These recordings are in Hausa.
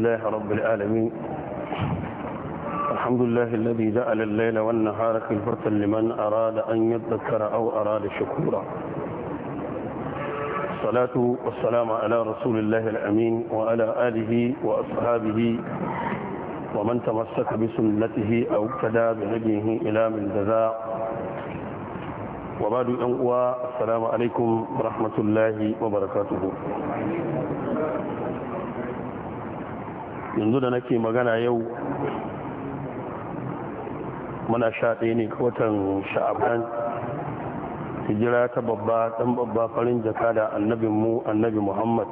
لله رب العالمين الحمد لله الذي جعل الليل والنهار خلفة لمن أراد أن يذكر أو أراد شكورا الصلاة والسلام على رسول الله الأمين وعلى آله وأصحابه ومن تمسك بسنته أو ابتدى بهديه إلى من جزاء وبعد أن السلام عليكم ورحمة الله وبركاته yanzu da nake magana yau muna sha ɗaya ne watan sha'aban hijira ta babba ɗan babba farin jaka da annabin mu annabi muhammad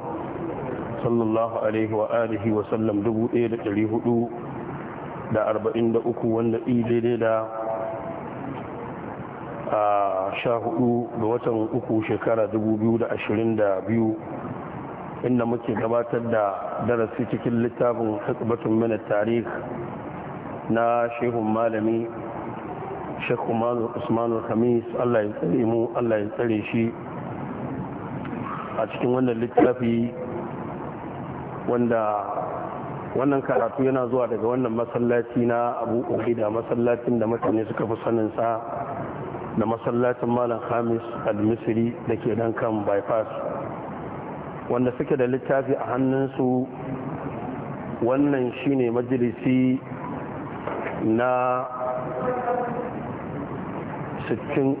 sallallahu alaihi wa alihi wa sallam 1443 wanda i daidai da a sha hudu ga watan uku shekara 2022 inda muke gabatar da darasi cikin littafin hukubatun mana tarihi na shehun malami shekhu usmanu khamis allah ya tsare mu allah ya tsare shi a cikin wannan littafi wanda wannan karatu yana zuwa daga wannan masallaci na abu da masallacin da mutane suka fi saninsa da masallacin malam hamis al-misri da ke nan kan bypass wanda suke da littafi a hannunsu wannan shine majalisi na 60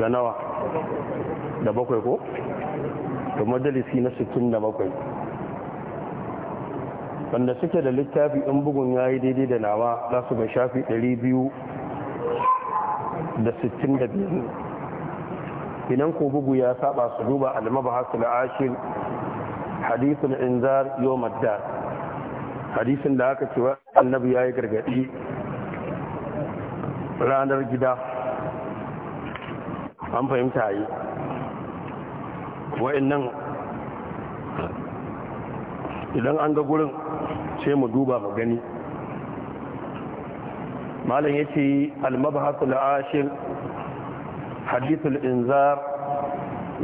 da nawa da bakwai ko? da majalisi na da bakwai wanda suke da littafi in bugun ya yi daidai da nawa za su ga shafi 200 da 65 idan ko bugu ya saba su duba al-mabahas al-ashir hadithul inzar yawm ad-dar hadithin da aka cewa annabi yayi gargadi ranar gida an fahimta yi wa'annan idan an ga gurin sai mu duba mu gani malam yace al-mabahas al-ashir hadithul inzar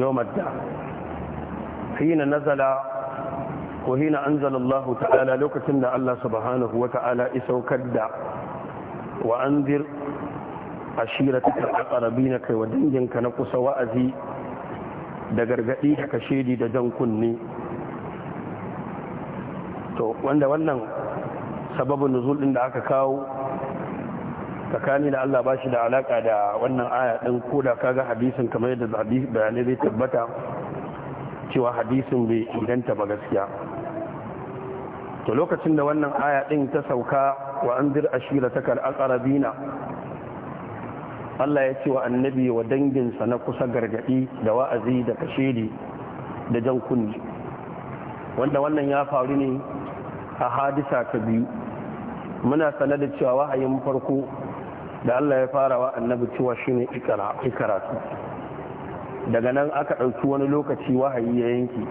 yawm ad-da nazala ko hina anzala Allah ta'ala lokacin da Allah subhanahu wa ta'ala isaukar da wa anzir ashiratakal aqrabina kai wa danginka na kusa wa'azi da gargadi da kashedi da dan kunne, to wanda wannan sababin nuzul din da aka kawo tsakani da Allah ba shi da alaka da wannan aya ɗin ko da kaga hadisin kamar yadda bayanai zai tabbata cewa hadisin bai inganta ba gaskiya to lokacin da wannan aya ɗin ta sauka wa an zir ashira ta kar'akarabina Allah ya ce wa annabi wa danginsa na kusa gargaɗi da wa'azi da kashedi da jan kunni wanda wannan ya faru ne a hadisa ta biyu muna sanar da cewa wahayin farko da Allah ya fara wa annabi cewa ne ikra su. daga nan aka ɗauki wani lokaci wahayi ya yanki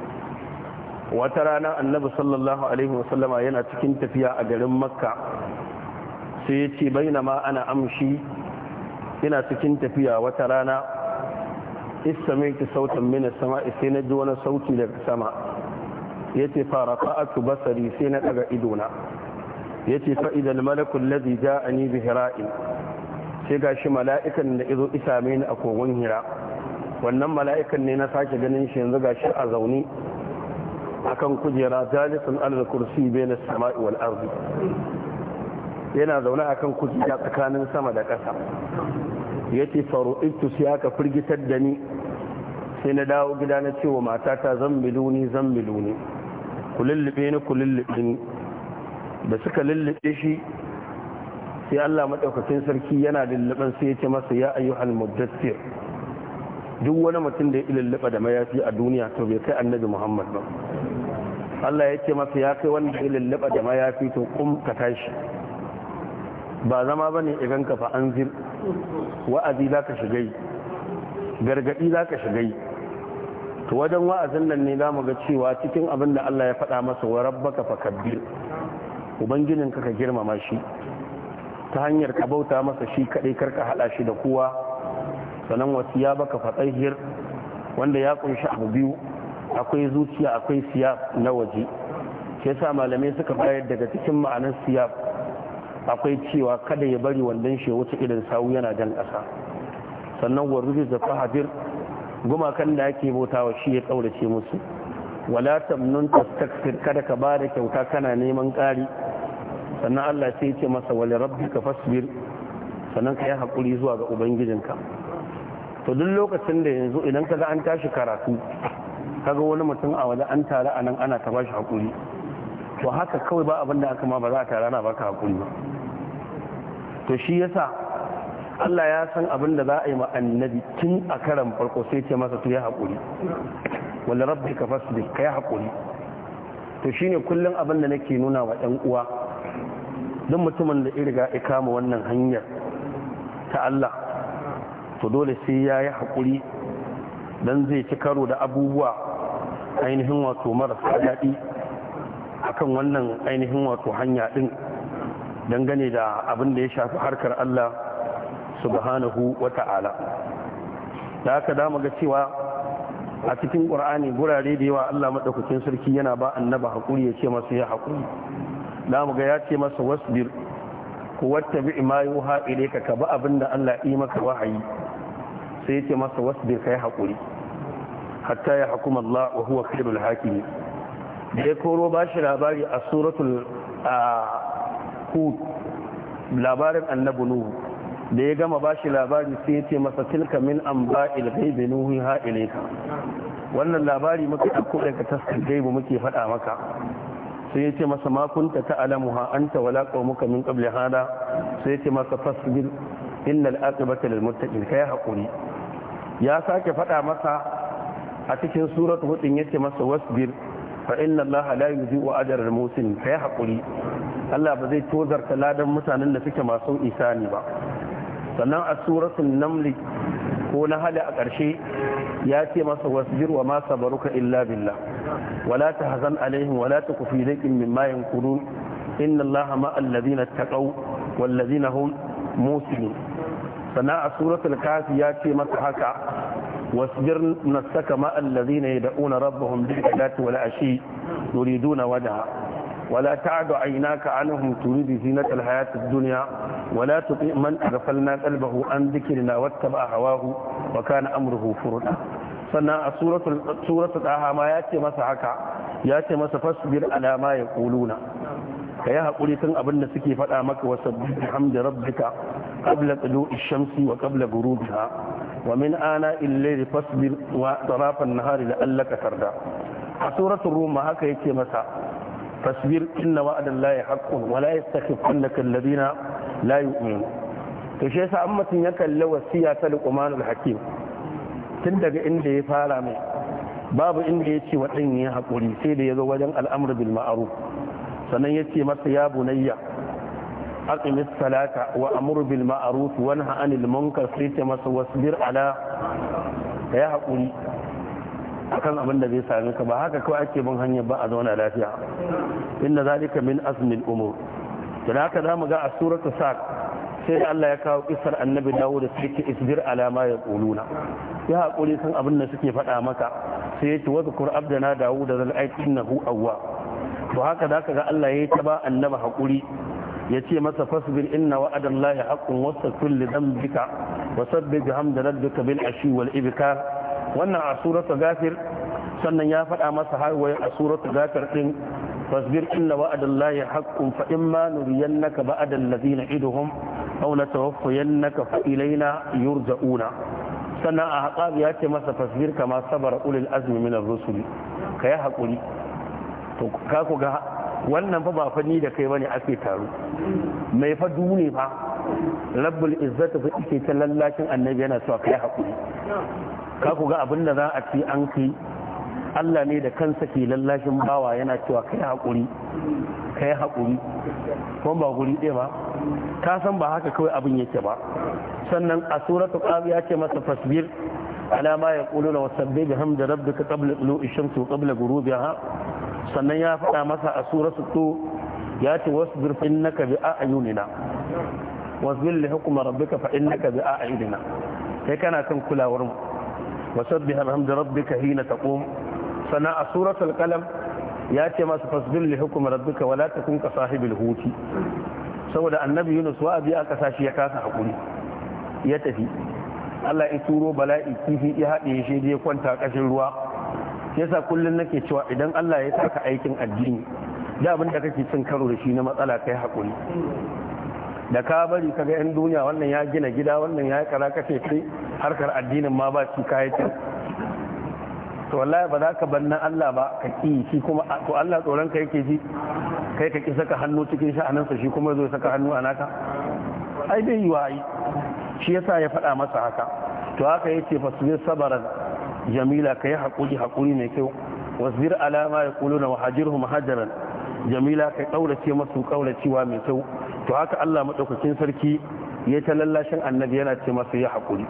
wata rana annabi sallallahu alaihi wasallama yana cikin tafiya a garin makka sai ya ce baina ma ana amshi ina cikin tafiya wata rana istamaitu sautan mina sama sai na ji wani sauti daga sama ya ce fara fa'atu basari sai na daga idona ya ce fa'idan malakul ladhi ja'ani bi sai ga shi mala'ikan da izo isa ni a kogon hira wannan mala'ikan ne na sake ganin shi yanzu ga shi a zaune A kan kujera jalisun alal kursi bayna sama'i wal yana zaune a kan kujera tsakanin sama da ƙasa Ya ce yace faru'tu sai aka firgitar da ni sai na dawo gida na cewa matata zan miluni zan miluni ku ni ku ni da suka lullube shi sai Allah madaukakin sarki yana lullaban sai ya ce masa ya al muddassir duk wani mutum da ya lullaba da mayafi a duniya to bai kai annabi Muhammad ba Allah ya ce masa ya kai wanda ya lullaba da mayafi to kum ka tashi ba zama bane idan ka fa anzir wa'azi za ka shigai, gargadi za ka shigai, to wajen wa'azin nan ne za mu ga cewa cikin abin da Allah ya faɗa masa wa rabbaka fakabbir ubangijinka ka girmama shi ta hanyar ka bauta masa shi kaɗai karka haɗa shi da kowa sannan wasiya ya baka fatsahir wanda ya kunshi abu biyu akwai zuciya akwai siyaf na waje shi yasa malamai suka bayar daga cikin ma'anar siyaf akwai cewa kada ya bari wandon shi wuce irin sawu yana jan ƙasa sannan wa rubi da fahadir gumakan da ake bautawa shi ya kaurace musu wala tamnun tastakfir kada ka bada kyauta kana neman ƙari sannan Allah sai ya ce masa rabbi ka fasbir sannan ka yi haƙuri zuwa ga ubangijinka to duk lokacin da yanzu idan ka ga an tashi karatu kaga wani mutum a waje an tare a nan ana ta bashi haƙuri to haka kawai ba abin da aka ma ba za a tare ana baka haƙuri ba to shi yasa Allah ya san abin da za a yi ma annabi tun a karan farko sai ce masa to ya haƙuri wala rabbika fasbir ka yi haƙuri to shine kullum abin da nake nuna wa ɗan uwa don mutumin da irga ya kama wannan hanyar ta Allah to dole sai ya yi haƙuri don zai ci karo da abubuwa ainihin wato marasa daɗi akan wannan ainihin wato hanya ɗin dangane da abin da ya shafi harkar Allah subhanahu wa ta'ala da aka dama ga cewa a cikin ƙur'ani gurare da yawa Allah maɗaukakin sarki yana ba annaba haƙuri ya ce masu ya haƙuri da mu ga ya ce masa wasbir ku wata bi ma yuha ilayka ka ba abin da Allah yi maka wahayi sai yace masa wasbir kai hakuri hatta ya hukuma Allah wa huwa khairul hakimi da ya koro ba shi labari a suratul hud labarin annabi nuhu da ya gama ba shi labari sai ya ce masa tilka min amba'il ghaibi nuhu ha ilayka wannan labari muka ɗauko daga taskar gaibu muke faɗa maka sai yace masa ma kunta ta'lamuha anta wala qaumuka min qabli hada sai ce masa fasbir innal aqibata lil muttaqin kai hakuri ya sake fada masa a cikin suratul hud yace masa wasbir fa inna allaha la yudhi'u ajra al musin kai hakuri Allah ba zai tozarta ladan mutanen da suke masu isani ba sannan a suratul naml ko na hali a ƙarshe ya ce masa wasbir wa ma sabaruka illa billah wala hazan alaihim wala taku fi dhaqin mimma yankurun inna allaha ma alladhina taqaw wal hum muslimun sana a suratul kafi ya ce masa haka wasbir nafsaka ma alladhina yad'una rabbahum bil ghadati wal ashi yuriduna wajha ولا تعد عيناك عنهم تريد زينة الحياة الدنيا ولا تطيع من أغفلنا قلبه عن ذكرنا واتبع هواه وكان أمره فرطا sannan a suratu ɗaha ma ya ce masa haka ya ce masa fasbir alama ya kuluna ka yi haƙuri tun abin da suke faɗa maka wasu hamda rabbika qabla tsudu'i shamsi wa qabla gurubiha wa min ana illayli fasbir wa tarafan nahari da tarda a suratu roma haka yake masa fasbir inna wa'adallahi haqqun wa la yastakhifannaka alladhina la yu'minun to shi yasa an mutum ya kalli wasiya ta luqmanul hakim tun daga inda ya fara mai babu inda ya ce waɗin ya haƙuri sai da ya zo wajen al'amur bil ma'aru sannan ya ce masa ya bunayya aqimis salata wa amur bil ma'ruf wa nahy anil munkar sai ta masa wasbir ala ya haƙuri akan abin da zai same ka ba haka kawai ake bin hanyar ba a zauna lafiya inda zalika min azmin umur da haka za mu ga a suratu sa sai da Allah ya kawo kisar annabi dawo da suke isbir alama ya na ya hakuri kan abin da suke faɗa maka sai ya ce wasu abdana dawo da zan aiki na hu awwa to haka za ka ga Allah ya yi ta ba annaba haƙuri ya ce masa fasbir inna wa'adallahi haqqun wastaqbil li dhanbika wasabbih bihamdi rabbika bil ashi wal ibkar wannan a suratul gafir sannan ya faɗa masa har waye a suratul gafir din fasbir inna wa'adallahi haqqun fa imma nuriyannaka ba'dal ladina iduhum aw natawaffayannaka fa ilaina yurja'una sannan a haƙabi ya ce masa fasbir kama sabar ulil azmi min ar ka yi haƙuri to ka ku ga wannan fa ba fanni da kai bane ake taro mai fa dune fa rabbul izzati fa ta lallacin annabi yana cewa yi haƙuri ka ku ga abin da za a ci an ki Allah ne da kansa ke lallashin bawa yana cewa kai haƙuri kai haƙuri kuma ba guri ɗaya ba ka san ba haka kawai abin yake ba sannan a suratul qaf ya ce masa fasbir ala ma yaquluna wasabbih bihamdi rabbika qabla tulu'i shamsi wa qabla ghurubiha sannan ya faɗa masa a suratul tu ya ce wasbir innaka bi a'yunina wasbir li hukmi rabbika fa innaka bi a'yunina kai kana kan kulawar mu وسبح بحمد ربك حين تقوم سنا سورة القلم ياتي ما فاصبر لحكم ربك ولا تكن كصاحب الحوت saboda annabi Yunus wa abi aka sashi ya kasa hakuri ya tafi Allah ya turo bala'i kifi ya haɗiye shi ya kwanta ƙashin ruwa yasa kullum nake cewa idan Allah ya saka aikin addini da abin da kake cin karo da shi na matsala ka yi hakuri da ka bari ka ga 'yan duniya wannan ya gina gida wannan ya kara kashe kai harkar addinin ma ba ci kayakin to wallahi ba za ka bar na Allah ba ka ki shi kuma to Allah tsoron ka yake ji kai ka ki saka hannu cikin sa shi kuma zo saka hannu a naka ai bai yi wa shi yasa ya faɗa masa haka to haka yace su sabaran jamila kai hakuri hakuri mai kyau wasbir alama ya yaquluna wa hajirhum hajaran jamila kai kaurace masu kauracewa mai kyau to haka Allah madaukakin sarki ya ta lallashin annabi yana ce masa ya hakuri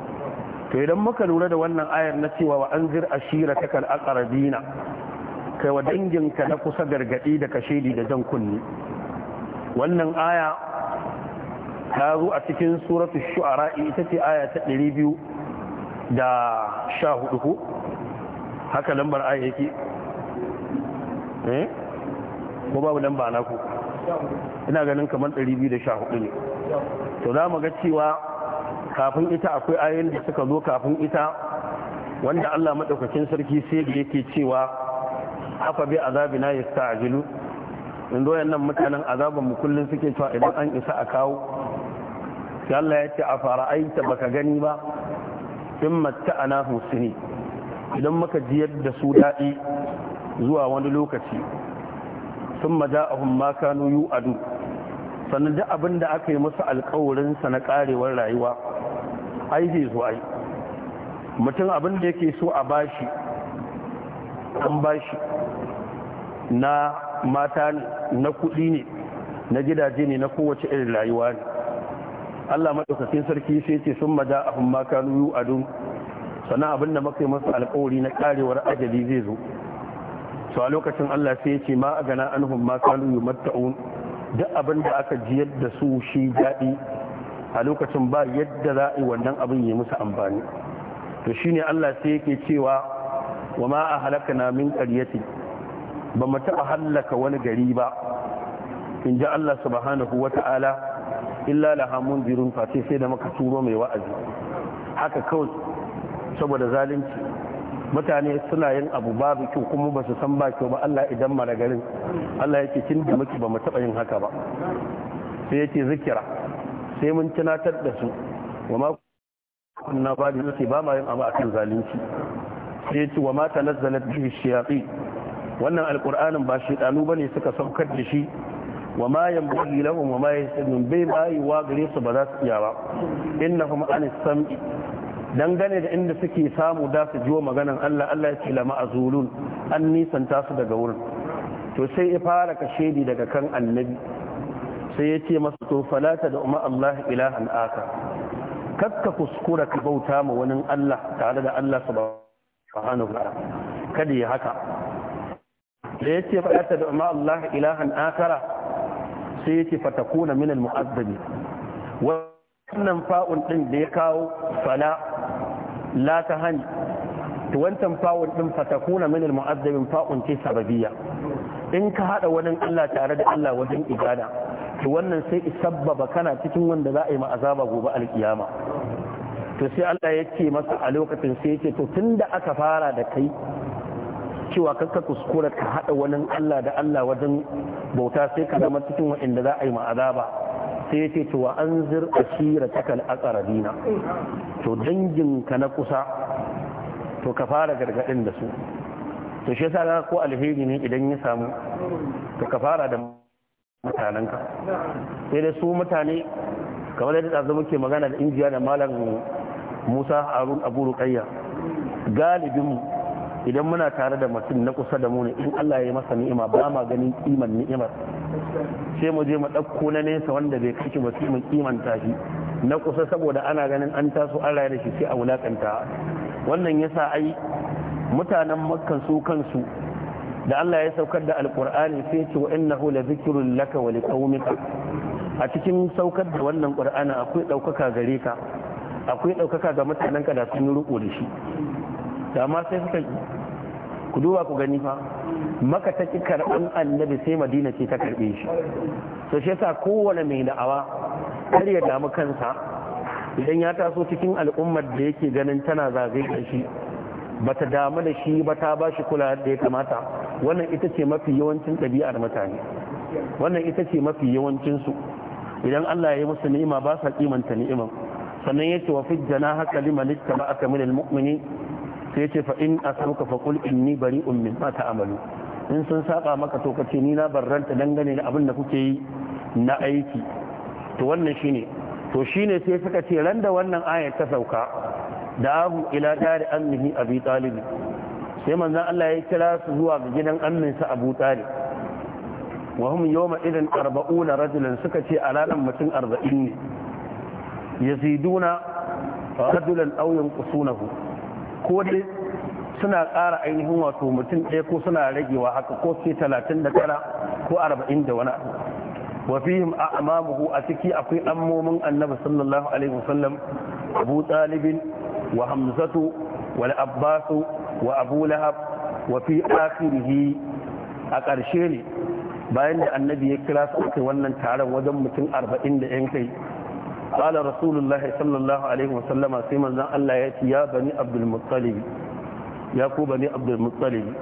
to idan muka lura da wannan ayar na cewa wa anzir ashira ta kal aqrabina kai wa danginka na kusa gargadi da kashedi da jan kunni wannan aya ta zo a cikin suratu shu'ara ita ce aya ta da 14 haka lambar aya yake eh ko babu lamba na ku ina ganin kamar 214 ne to za mu ga cewa kafin ita akwai ayoyin da suka zo kafin ita wanda Allah madaukakin sarki sai da yake cewa afa bi azabina yasta'jilu in doyan nan mutanen azaban mu kullun suke cewa idan an isa a kawo sai Allah ya ce a fara'aita baka gani ba in matta'ana husni idan muka jiyar da su daɗi zuwa wani lokaci sun a maja'ahun kanu yu adu sannan ji abin da aka yi musu alkawarinsa na karewar rayuwa ai zai zo ai mutum abin da yake so a bashi an bashi na mata na kudi ne na gidaje ne na kowace irin rayuwa ne Allah maɗaukakin sarki sai ce sun maja a hun kanu yu adu sannan abin da maka yi masa alkawari na karewar ajali zai zo to a lokacin Allah sai ya ce ma agana anhum ma kanu yumatta'un duk abin da aka jiyar da su shi daɗi a lokacin ba yadda za a yi wannan abin ya musu amfani to shine Allah sai yake cewa wa ma a min ƙaryati ba mu taɓa hallaka wani gari ba in ji Allah subhanahu wa ta'ala illa hamun birun fa sai da maka turo mai wa'azi haka kawai saboda zalunci mutane suna yin abu babu kyau kuma ba su san ba kyau ba Allah idan da garin Allah yake kin da muke ba mu taba yin haka ba sai yake zikira sai mun tunatar da su wa ma kunna ba da sai ba ma yin abu akan zalunci sai yace wa ma tanazzalat bihi shayatin wannan alqur'anin ba shi shedanu bane suka saukar da shi wa ma yanbaghi lahum wa ma yastadun bai ba yi wa gare su ba za su iya ba innahum anis sam'i dangane da inda suke samu da su jiwo maganan Allah Allah ya ce lama a zulun an nisanta su daga wurin to sai ya fara kashedi daga kan annabi sai ya ce masa to falata da umar Allah ilahan aka kakka kuskura ka bauta ma wani Allah tare da Allah subhanahu wa kada ya haka da ya ce falata da umar Allah ilahan akara sai ya ce fatakuna min al-mu'azzabi wannan fa'un ɗin da ya kawo fala la ta hani to wancan fa'un ɗin fatakuna min almu'azzabin fa'un ce sababiya in ka haɗa wani Allah tare da Allah wajen ibada to wannan sai isabbaba kana cikin wanda za a yi ma'azaba gobe alkiyama to sai Allah ya ce masa a lokacin sai ya ce to tunda aka fara da kai cewa kakka kuskura ka haɗa wani Allah da Allah wajen bauta sai ka zama cikin waɗanda za a yi ma'azaba sai ya ce to wa an zir takal aqrabina to danginka na kusa to ka fara gargadin da su to shi yasa ko alheri ne idan ya samu to ka fara da mutanenka sai da su mutane kamar yadda ɗazu muke magana da injiya da malam musa harun abu rukayya galibin idan muna tare da mutum na kusa da mu ne in allah ya yi masa ni'ima ba ma ganin kiman ni'imar sai mu je mu ɗauko na nesa wanda bai kashi ba sai kimanta shi na kusa saboda ana ganin an taso an da shi sai a wulakanta wannan ya sa ai mutanen makka su kansu da Allah ya saukar da alqur'ani sai ce wa innahu la zikrun laka wa liqaumika a cikin saukar da wannan qur'ani akwai daukaka gare ka akwai daukaka ga mutanen ka da sun ruko da shi da ma sai suka ku duba ku gani fa maka ta ki karɓan annabi sai madina ce ta karɓe shi to shi yasa kowane mai da'awa har ya damu kansa idan ya taso cikin al'ummar da yake ganin tana zagaye da shi bata damu da shi ba ta ba shi kula da ya kamata wannan ita ce mafi yawancin ɗabi'ar mutane wannan ita ce mafi su idan Allah ya yi musu ni'ima ba sa kimanta ni'imar sannan yake wa fi jana haka liman aka min almu'mini sai ce fa in asabuka fa bari ummin ma ta amalu. in sun saƙa maka to ce ni na barranta dangane da abin da kuke yi na aiki to wannan ne, to ne sai suka ce ran da wannan ayar ta sauka Da abu ila dari a bi dalibi. sai manzan Allah ya kira su zuwa ga gidan amminsa Abu Talib wa hum yawma idan 40 rajulan suka ce a ranar mutum arba'in ne yaziduna rajulan aw yanqusunahu ko dai suna ƙara ainihin wato mutum ɗaya ko suna ragewa haka ko sai talatin da tara ko arba'in da wani wa fihim a amamuhu a ciki akwai ammomin annabi sallallahu alaihi wasallam abu talibin wa hamzatu wal abbasu wa abu lahab wa fi a ƙarshe ne bayan da annabi ya kira su wannan taron wajen mutum arba'in da yan kai قال رسول الله صلى الله عليه وسلم سيما زن الله يأتي يا بني عبد المطلب يا كو بني عبد المطلب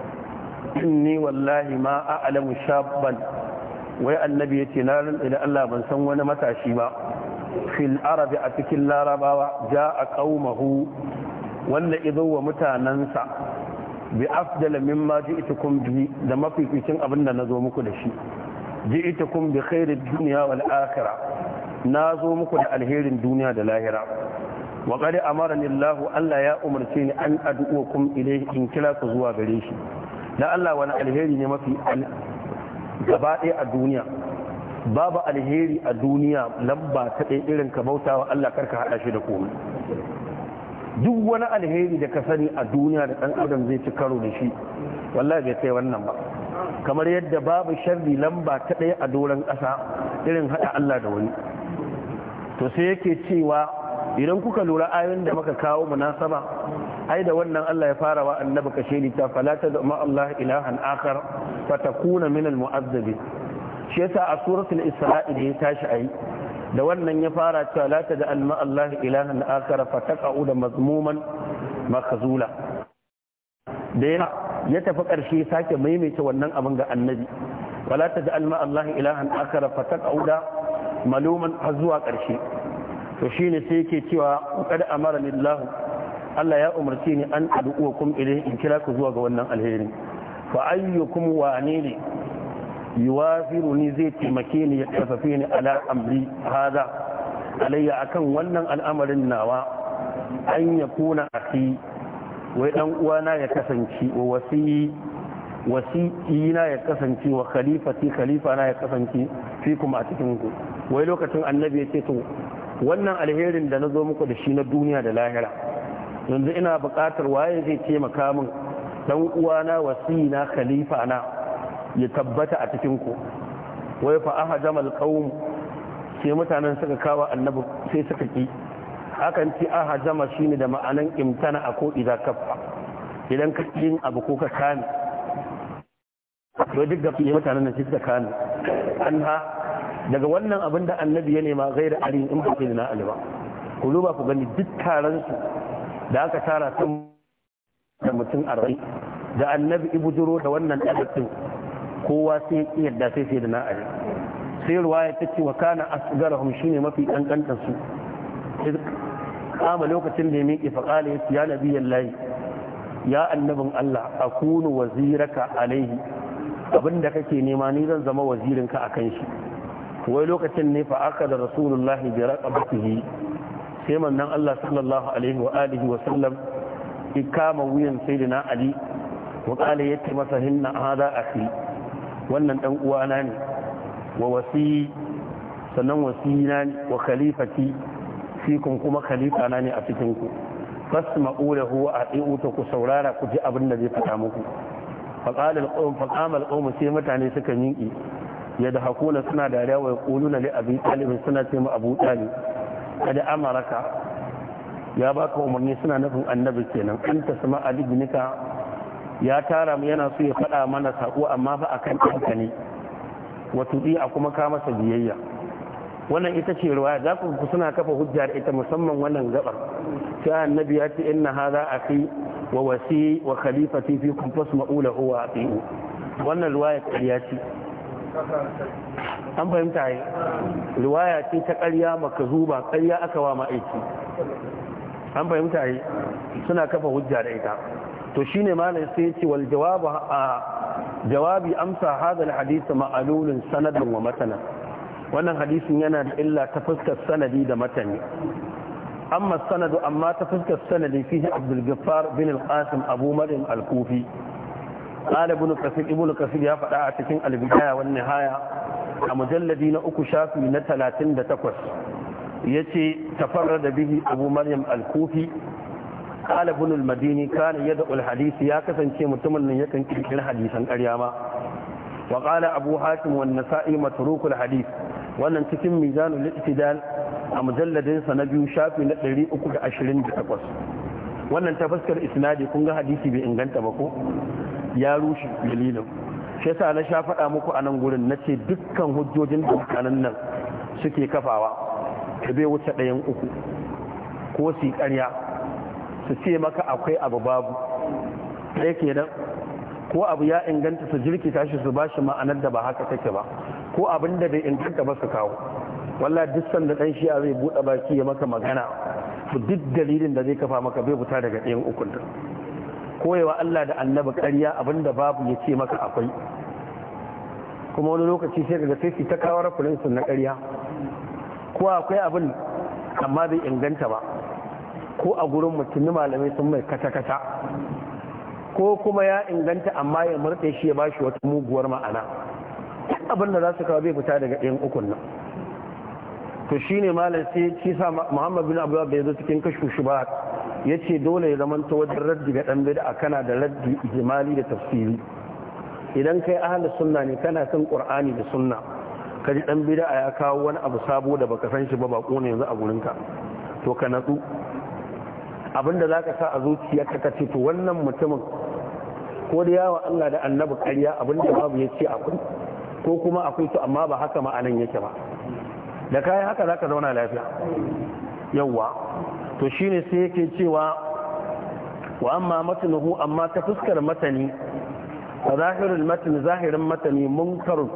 إني والله ما أعلم شابا ويا النبي يتنال إلى الله من سنون متاشيبا في العرب أتكي الله ربا جاء قومه ولا إذو متاننسا بأفضل مما جئتكم به لما في كيشن أبنى نزومك لشي جئتكم بخير الدنيا والآخرة na zo muku da alherin duniya da lahira wa qad amarani Allah Allah ya umarce ni an addu'o ad'ukum ilayhi in kira ku zuwa gare shi da Allah wani alheri ne mafi gaba ɗaya a duniya babu alheri a duniya lamba ta ɗaya irin ka bauta wa Allah karka haɗa shi da komai duk wani alheri da ka sani a duniya da ɗan adam zai ci karo da shi wallahi bai kai wannan ba kamar yadda babu sharri lamba ta ɗaya a doron ƙasa irin haɗa Allah da wani to sai yake cewa idan kuka lura ayoyin da muka kawo munasaba ai da wannan Allah ya fara wa annabi kashe ni ta falata da ma Allah ilahan akhar fa takuna min al mu'azzabin shi yasa a suratul isra'i da ya tashi ai da wannan ya fara cewa la ta da al ma Allah ilahan akhar fa taqa'u da mazmuman makhzula da ya tafi karshe sake maimaita wannan abin ga annabi wala ta da al ma Allah ilahan akhar fa maluman har zuwa ƙarshe to shi ne sai yake cewa kada amara lillahu Allah ya umarci ni an kuma ilai in kira ku zuwa ga wannan alheri fa ayyukum wa ne yuwafiru ni zai taimake ni ya karfafe ni ala amri hada alayya akan wannan al'amarin nawa an ya kuna a fi wai dan uwana ya kasance wa wasi wasi ya kasance wa khalifati khalifa na ya kasance fi kuma a cikin ku wai lokacin annabi ya ce to wannan alherin da na zo muku da shi na duniya da lahira yanzu ina buƙatar waye zai taimaka min dan uwana wasina khalifa na ya tabbata a cikin ku wai fa ahajamal qaum sai mutanen suka kawo annabi sai suka ki akan ci ahajama shine da ma'anan imtana a ko idza ka idan ka yin abu ko ka kame to duk da mutanen nan suka kame an ha daga wannan abin da annabi ya nema da arin in ba na ali ba ku duba ku gani duk taron su da aka tara sun da mutum arai da annabi ibuduro da wannan ɗalibin kowa sai ya yadda sai sai da na ali sai ruwaya ta ce wa kana asgarahum shine mafi kankantar su kama lokacin da ya miƙe faƙala ya ce ya nabiyan layi ya annabin Allah a kunu waziraka alaihi abinda kake nema ni zan zama wazirinka a kan shi wai lokacin ne fa aka da rasulullahi bi raqabatihi sai mannan Allah sallallahu alaihi wa alihi wa sallam ki kama wuyan sayyidina Ali wa qala yatti masa hinna hada akhi wannan dan uwana ne wa wasi sanan wasi na ne wa khalifati fikum kuma khalifa na ne a cikin ku fasma'u lahu wa ati'u ku saurara ku ji abin da zai faɗa muku faqala al-qawm faqama al-qawm sai mutane suka yinki hakuna suna dariya wa na li abi talibin suna ce ma abu talib kada amaraka ya baka umarni suna nufin annabi kenan an ta sama alibnika ya tara mu yana so ya faɗa mana sako amma fa akan ɗanka ne wato a kuma ka masa biyayya wannan ita ce ruwaya za ku suna kafa hujjar ita musamman wannan gabar sai annabi ya ce inna hadha akhi wa wasi wa khalifati fikum fasma'u lahu wa ati'u wannan ruwaya ƙarya ce an fahimta yi riwaya ce ta ƙarya makazuba ƙarya aka wa ma'aiki an fahimta yi suna kafa hujja da ita to shine malam sai ce wal a jawabi amsa hadal hadith ma'alulun sanadin wa matana wannan hadisin yana da illa ta fuskar sanadi da matani amma sanadu amma ta fuskar sanadi fi Abdul bin Al-Qasim Abu Maryam Al-Kufi قال ابن كثير ابن كثير يا فدا a cikin al-bidaya wan a mujalladi na uku shafi na 38 yace tafarrada bihi abu maryam al-kufi قال ابن المديني كان يدعو الحديث يا كسانشي mutumin nan yakan kirkir hadisan ƙarya وقال ابو حاتم والنسائي متروك الحديث wannan cikin mizanul iktidal a mujalladin sa na biyu shafi na 328 wannan ta fuskar isnadi kun ga hadisi bai inganta ba ko ya rushe dalilin shi yasa na sha faɗa muku a nan gurin na ce dukkan hujjojin da mutanen nan suke kafawa ka bai wuce ɗayan uku ko su ƙarya su ce maka akwai abu babu ɗaya kenan ko abu ya inganta su jirki tashi su ba shi ma'anar da ba haka take ba ko abin da bai inganta ba su kawo walla duk sanda dan shi'a zai buɗe baki ya maka magana duk dalilin da zai kafa maka bai fita daga ɗayan ukun koyewa Allah da annabi ƙarya abinda babu ya ce maka akwai kuma wani lokaci sai daga sai ta kawo sun na ƙarya ko akwai abin amma bai inganta ba ko a gurin mutumin malamai sun mai kata-kata ko kuma ya inganta amma ya murɗe shi ya bashi wata muguwar ma'ana abin da za su kawo bai fita daga ɗayan ukun nan to shine malam sai kisa muhammad bin abuwa bai zo cikin shi ba. ya ce dole ya zamanta wajen raddi ga ɗan bida kana da raddi jimali da tafsiri idan kai ahli sunna ne kana son qur'ani da sunna ka ji dan bid'a ya kawo wani abu sabo da baka san shi ba bako ne yanzu a gurinka to ka natsu abinda za ka sa a zuciyarka ka ce to wannan mutumin ko da yawa Allah da annabi karya abinda babu ya ce akwai ko kuma akwai to amma ba haka ma'anan yake ba da kayan haka zaka zauna lafiya yawwa to shine sai yake cewa wa amma matanuhu amma ta fuskar matani a zahirin matani zahirin matani munkar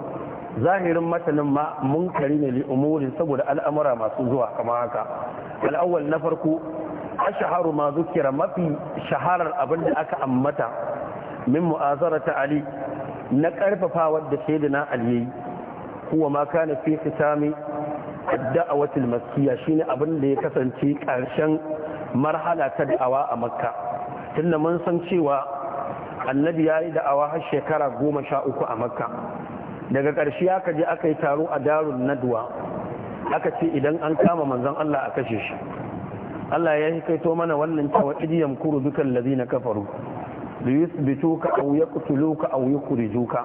zahirin matanin ma munkari ne li'umuri saboda al'amura masu zuwa kama haka al'awwal na farko ashaharu ma zukira mafi shaharar abin da aka ammata min mu'azarata ali na karfafa wadda shaidina ali yayi huwa ma kana fi kitami da'awatul Maskiya shine abin da ya kasance karshen marhala ta da'awa a makka Tun da mun san cewa annabi ya yi da'awa har shekara goma sha uku a makka daga ƙarshe aka je aka yi taro a darun nadwa aka ce idan an kama manzon Allah a kashe shi Allah ya hikaito mana wannan cewa idiyam kuru dukan ladina kafaru ka aw yaqtuluka aw yukhrijuka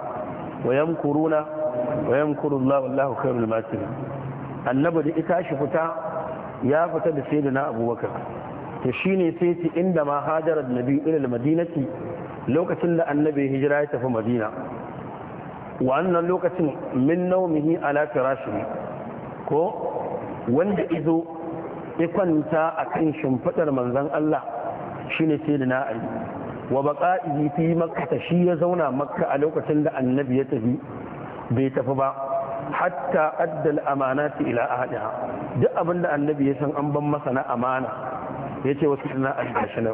wa yamkuruna wa yamkuru Allah wallahu khairul makirin annabi da ita shi fita ya fita da sai na abubakar shi ne sai ce inda ma hajarar nabi ilal madinati lokacin da annabi hijira ya tafi madina wannan lokacin min naumihi ala firashi ko wanda izo ya kwanta a kan shimfiɗar manzon Allah shine sai da ayi wa baƙa'i fi makka shi ya zauna makka a lokacin da annabi ya tafi bai tafi ba hatta addal ta ila ahliha duk abinda annabi ya san an ban masa na amana ce wasu suna albashin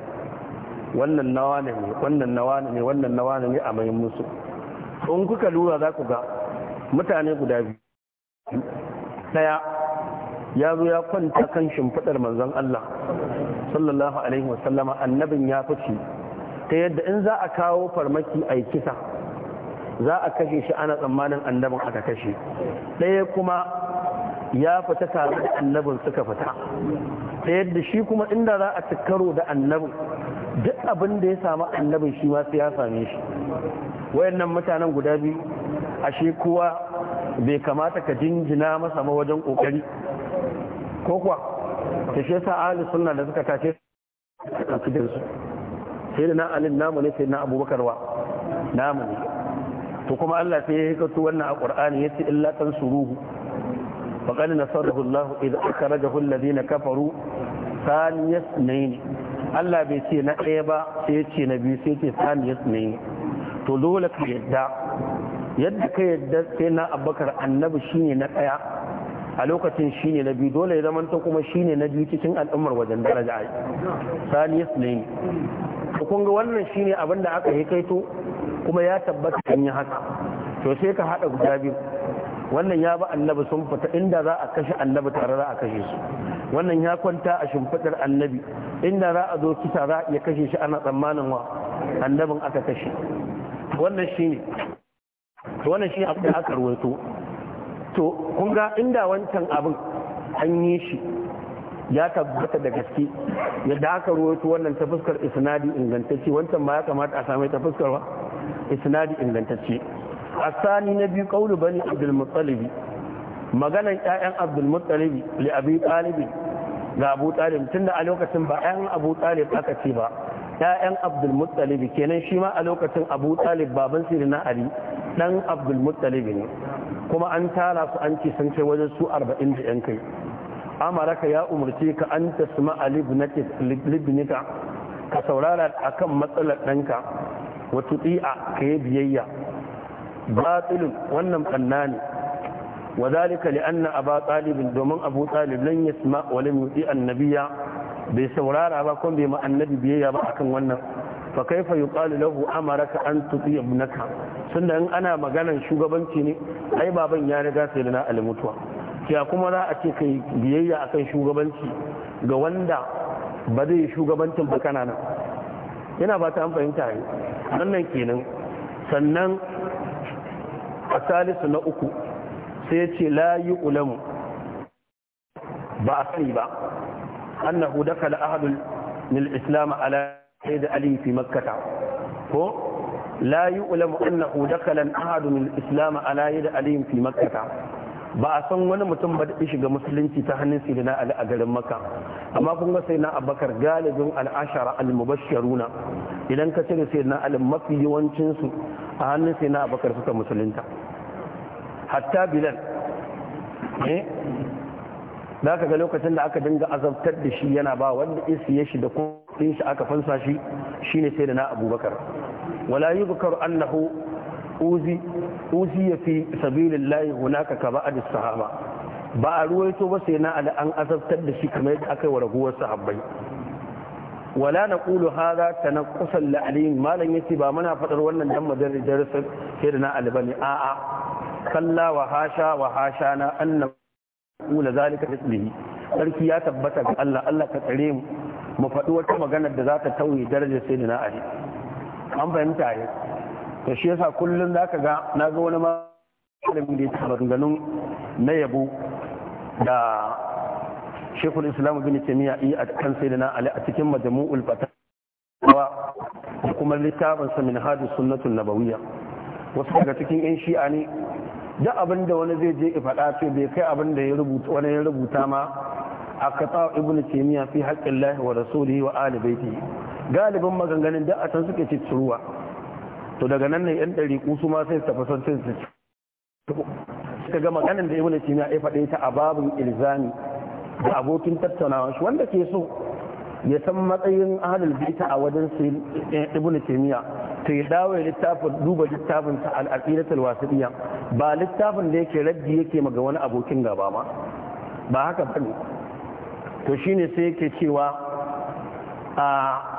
wannan nawa ne wannan nawa ne wannan nawa ne a mayin musu in kuka lura za ku ga mutane guda biyu daya ya zo ya kwanta kan shimfidar manzon Allah sallallahu alaihi wasallama annabin ya fice ta yadda in za a kawo farmaki a yi kisa za a kashe shi ana tsammanin annabin aka kashe ɗaya kuma ya fita tare da annabin suka fita ta yadda shi kuma inda za a ci karo da annabin duk abin da ya samu annabin shi ma sai ya same shi wayannan mutanen guda biyu ashe kowa bai kamata ka jinjina masa mawajen wajen kokari ko kuwa ta shi yasa ahli sunna da suka tashe su sai da na alin namu ne sai na abubakar wa namu ne to kuma Allah sai ya hikatu wannan a Qur'ani yace illa tan suruhu. fa qala nasarahu Allah idza akhrajahu alladhina kafaru thaniyas nayn Allah bai ce na ɗaya ba sai ce na biyu sai ce thaniyas nayn to dole ka yadda yadda ka yadda sai na Abubakar annabi shine na ɗaya a lokacin shine na biyu dole ya zamanta kuma shine na biyu cikin al'ummar wajen daraja ai thaniyas nayn kun ga wannan shine abin da aka yi kaito kuma ya tabbata an yi haka to sai ka haɗa guda biyu wannan ya ba annabi sun fita inda za a kashe annabi tare za a kashe su wannan ya kwanta a shimfidar annabi inda za a zo kisa za a iya kashe shi ana tsammanin wa annabin aka kashe wannan shi ne wannan shi abin da aka rawaito to kun ga inda wancan abin an yi shi ya tabbata da gaske ya aka ruwaito wannan ta fuskar isnadi ingantacce wancan ma ya kamata a sami ta fuskar wa isnadi ingantacce a Sani na biyu kaulu bani abdul muttalibi maganan ƴaƴan abdul li abi ɗalibi ga abu talib tunda a lokacin ba ƴaƴan abu talib aka ce ba ƴaƴan abdul kenan shi ma a lokacin abu talib baban na ali dan abdul muttalibi ne kuma an tara su an ce sun kai wajen su arba'in da yan kai amaraka ya umarce ka an tasma libnika ka saurara a kan matsalar ɗanka wa tuti'a ka yi biyayya batilun wannan kanna ne wa zalika li anna aba talibin domin abu talib lan yasma wa lam yuti annabiya bai saurara ba kuma bai ma annabi biyayya ba akan wannan fa kaifa yuqalu lahu amaraka an tuti ibnaka tunda in ana maganar shugabanci ne ai baban ya riga sai na almutuwa ya kuma za a ce kai biyayya akan shugabanci ga wanda ba zai shugabancin ba kana nan yana ba ta amfani fahimta ne wannan kenan sannan a salisu na uku sai ya ce layi ulamu ba a sani ba annahu dakala ahadul nil islam ala da ali fi makkata ko لا يؤلم أنه دخل nil من ala على da عليهم fi Makkata. ba a san wani mutum ba da shiga musulunci ta hannun sayyidina ali a garin maka, amma kun ga na abakar galibin al'ashara al-mubashsharuna idan ka cire sai na ali mafi yawancin su a hannun sai na abakar suka musulunta hatta bilal eh da ka ga lokacin da aka dinga azabtar da shi yana ba wanda isi ya shi da kudin shi aka fansa shi shine na abubakar wala bukar annahu uzi usiya fi sabilillahi hunaka ka ba'd sahaba ba a ruwaito ba sai na ala an azabtar da shi kamar yadda aka yi wa raguwar sahabbai wala na kulu haza ta na kusan la'alin malam yace ba muna faɗar wannan dan ma darasar sai da na albani a'a kalla wa hasha wa hasha na anna kula zalika tasbihi sarki ya tabbata ga Allah Allah ka tsare mu mu faɗi wata maganar da za ta tauye darajar sai da na ali an fahimta ne da shi yasa kullum za ka ga na ga wani malamin da ya taɓa ganganun na yabo da shekul islam bin taimiyya yi a kan sai da na ali a cikin majamu'ul fatawa da kuma littafin sa min hadu sunnatul nabawiyya wasu daga cikin yan shi'a ne duk abin da wani zai je faɗa ce bai kai abin da wani ya rubuta ma a kata ibnu taimiyya fi haƙƙin lahi wa rasuli wa ali baiti galibin maganganun da a can suke ci to daga nan ne yan ɗariƙu su ma sai tafi son sai su suka ga maganin da ibnu timiya ya faɗe ta a babin ilzami da abokin tattaunawa shi wanda ke so ya san matsayin halin bita a wajen eh, ibnu kimiyya to ya dawo littafin duba littafin sa al wasiliya ba littafin da yake raddi yake maga wani abokin gaba ma ba haka bane to shine sai yake cewa a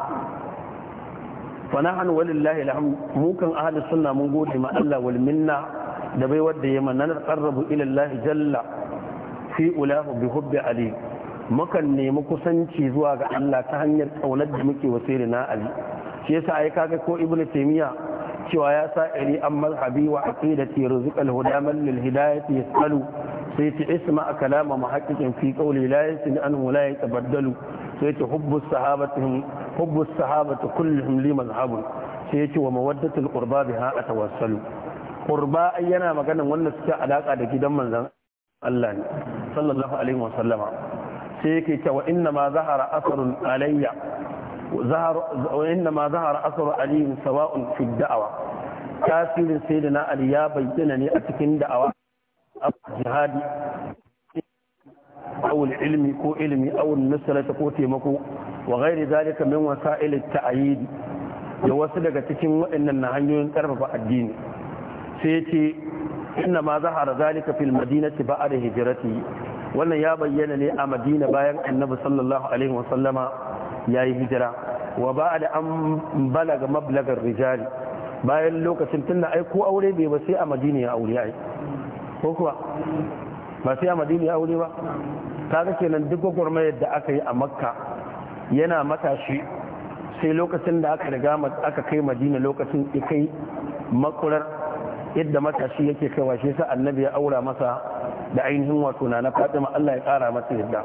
fana'an walillahi alhamd mu kan ahli sunna mun gode ma Allah wal minna da bai wadda yayi nan qarrabu ila Allah jalla fi ulahu bi hubbi ali mukan nemi kusanci zuwa ga Allah ta hanyar kaunar da muke wasiri na ali shi yasa ai kaga ko ibnu taymiya cewa ya sa iri an mazhabi wa aqidati ruzqal hudaman lil hidayati yasalu sai ta isma a kalama mahaqqiqin fi qawli la yasni anhu la tabaddalu sai ta hubbu sahabatihim hubbu sahabatu kulluhum li mazhabun sai yace wa mawaddatul qurba biha atawassalu qurba yana maganan wanda suke alaka da gidan manzon Allah ne sallallahu alaihi wa sallama sai yake cewa inna ma zahara asrun alayya wa inna ma zahara asru ali sawa'un fi da'wa tasirin sayyidina ali ya bayyana ne a cikin da'awa jihadi أو العلم كو علمي أو النسلة كو تيمكو وغير ذلك من وسائل التأييد يوصل تكين وإن النهيون ترفع الدين سيتي إنما ظهر ذلك في المدينة بعد هجرته وأن يا بيّن لي مدينة باين النبي صلى الله عليه وسلم يا هجرة وبعد أن بلغ مبلغ الرجال bayan lokacin tunda ai ko aure bai ba sai a madina ya aure ai ko kuwa ba sai a madina ya aure ba kaga kenan duk gwagwarmayar da aka yi a makka yana matashi sai lokacin da aka riga aka kai madina lokacin ya kai makurar yadda matashi yake kai washe sa annabi ya aura masa da ainihin wato na na fatima Allah ya kara masa yadda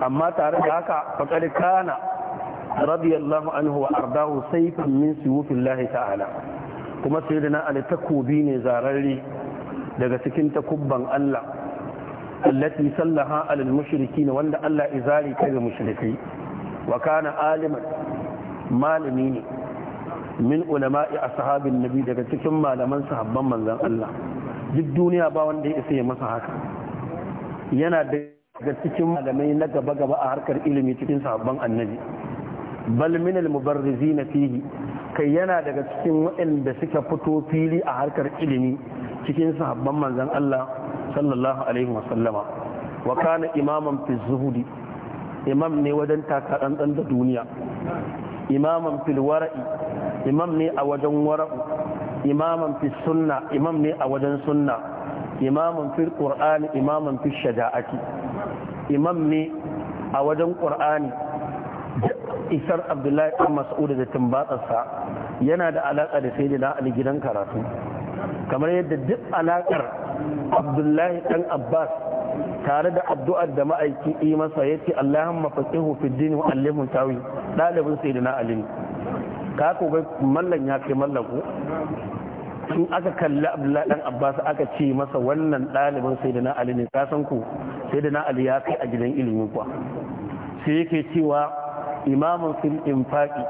amma tare da haka faqad kana radiyallahu anhu wa ardahu sayfan min suyufillahi ta'ala kuma sayyidina ali takobi ne zararre daga cikin takubban Allah allati sallaha alal mushrikin wanda Allah izari kai ga mushrikai wa kana aliman malami ne min ulama'i ashabin nabi daga cikin malaman sahabban manzon Allah duk duniya ba wanda ya isa ya masa haka yana daga cikin malamai na gaba gaba a harkar ilimi cikin sahabban annabi bal min al mubarrizina fihi kai yana daga cikin waɗanda suka fito fili a harkar ilimi cikin sahabban manzan Allah sallallahu alaihi wasallama wa kana imaman fi zuhudi imam ne wajen taka ɗanɗan da duniya imaman fil wara'i imam ne a wajen wara'u imaman fi sunna imam ne a wajen sunna imaman fil qur'ani imaman fi shaja'ati imam ne a wajen qur'ani isar abdullahi ɗan mas'ud da tumbatsarsa yana da alaƙa da sai da ali gidan karatu kamar yadda duk alaƙar abdullahi dan abbas tare da addu'ar da ma'aiki yi masa ya ce allahumma faqihu fi dini wa allimhu tawi ɗalibin sayyidina ali ka ko ga mallan ya kai mallaku in aka kalli abdullahi dan abbas aka ce masa wannan ɗalibin sayyidina ali ne ka san ku sayyidina ali ya kai a gidan ilimin kuwa sai yake cewa imamun fil infaqi